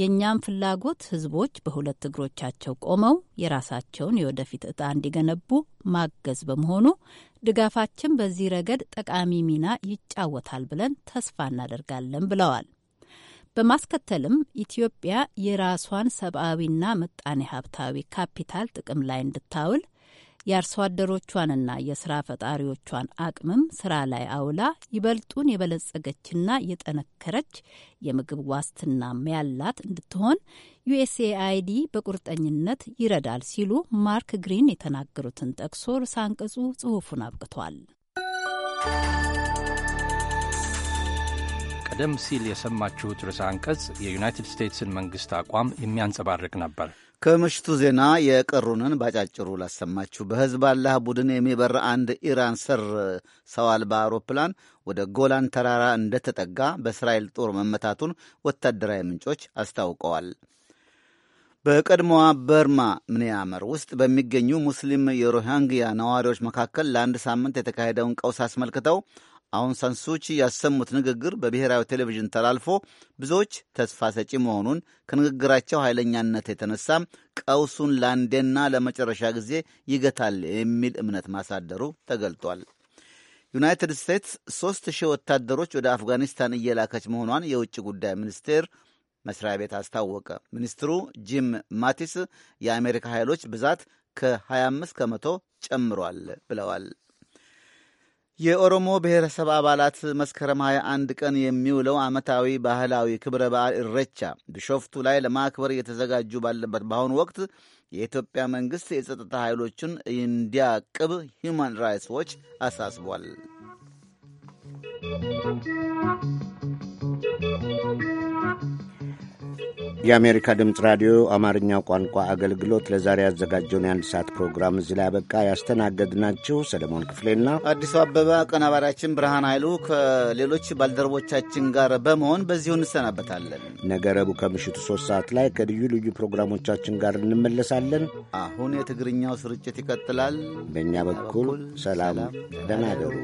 የእኛም ፍላጎት ህዝቦች በሁለት እግሮቻቸው ቆመው የራሳቸውን የወደፊት እጣ እንዲገነቡ ማገዝ በመሆኑ ድጋፋችን በዚህ ረገድ ጠቃሚ ሚና ይጫወታል ብለን ተስፋ እናደርጋለን ብለዋል። በማስከተልም ኢትዮጵያ የራሷን ሰብአዊና ምጣኔ ሀብታዊ ካፒታል ጥቅም ላይ እንድታውል የአርሶ አደሮቿንና የስራ ፈጣሪዎቿን አቅምም ስራ ላይ አውላ ይበልጡን የበለጸገችና የጠነከረች የምግብ ዋስትናም ያላት እንድትሆን ዩኤስኤአይዲ በቁርጠኝነት ይረዳል ሲሉ ማርክ ግሪን የተናገሩትን ጠቅሶ ርዕሰ አንቀጹ ጽሑፉን አብቅቷል። ቀደም ሲል የሰማችሁት ርዕሰ አንቀጽ የዩናይትድ ስቴትስን መንግሥት አቋም የሚያንጸባርቅ ነበር። ከምሽቱ ዜና የቀሩንን ባጫጭሩ ላሰማችሁ። በሕዝብ አላህ ቡድን የሚበር አንድ ኢራን ስር ሰው አልባ አውሮፕላን ወደ ጎላን ተራራ እንደተጠጋ በእስራኤል ጦር መመታቱን ወታደራዊ ምንጮች አስታውቀዋል። በቀድሞዋ በርማ ምንያመር ውስጥ በሚገኙ ሙስሊም የሮሂንግያ ነዋሪዎች መካከል ለአንድ ሳምንት የተካሄደውን ቀውስ አስመልክተው አሁን ሳንሱቺ ያሰሙት ንግግር በብሔራዊ ቴሌቪዥን ተላልፎ ብዙዎች ተስፋ ሰጪ መሆኑን ከንግግራቸው ኃይለኛነት የተነሳም ቀውሱን ለአንዴና ለመጨረሻ ጊዜ ይገታል የሚል እምነት ማሳደሩ ተገልጧል። ዩናይትድ ስቴትስ ሦስት ሺህ ወታደሮች ወደ አፍጋኒስታን እየላከች መሆኗን የውጭ ጉዳይ ሚኒስቴር መስሪያ ቤት አስታወቀ። ሚኒስትሩ ጂም ማቲስ የአሜሪካ ኃይሎች ብዛት ከ25 ከመቶ ጨምሯል ብለዋል። የኦሮሞ ብሔረሰብ አባላት መስከረም 21 ቀን የሚውለው ዓመታዊ ባህላዊ ክብረ በዓል እረቻ ቢሾፍቱ ላይ ለማክበር እየተዘጋጁ ባለበት በአሁኑ ወቅት የኢትዮጵያ መንግሥት የጸጥታ ኃይሎችን እንዲያቅብ ሂውማን ራይትስ ዎች አሳስቧል። የአሜሪካ ድምፅ ራዲዮ አማርኛ ቋንቋ አገልግሎት ለዛሬ ያዘጋጀውን የአንድ ሰዓት ፕሮግራም እዚህ ላይ አበቃ። ያስተናገድናችሁ ሰለሞን ክፍሌና አዲሱ አበበ፣ አቀናባሪያችን ብርሃን ኃይሉ ከሌሎች ባልደረቦቻችን ጋር በመሆን በዚሁ እንሰናበታለን። ነገ ረቡዕ ከምሽቱ ሶስት ሰዓት ላይ ከልዩ ልዩ ፕሮግራሞቻችን ጋር እንመለሳለን። አሁን የትግርኛው ስርጭት ይቀጥላል። በእኛ በኩል ሰላም፣ ደህና እደሩ።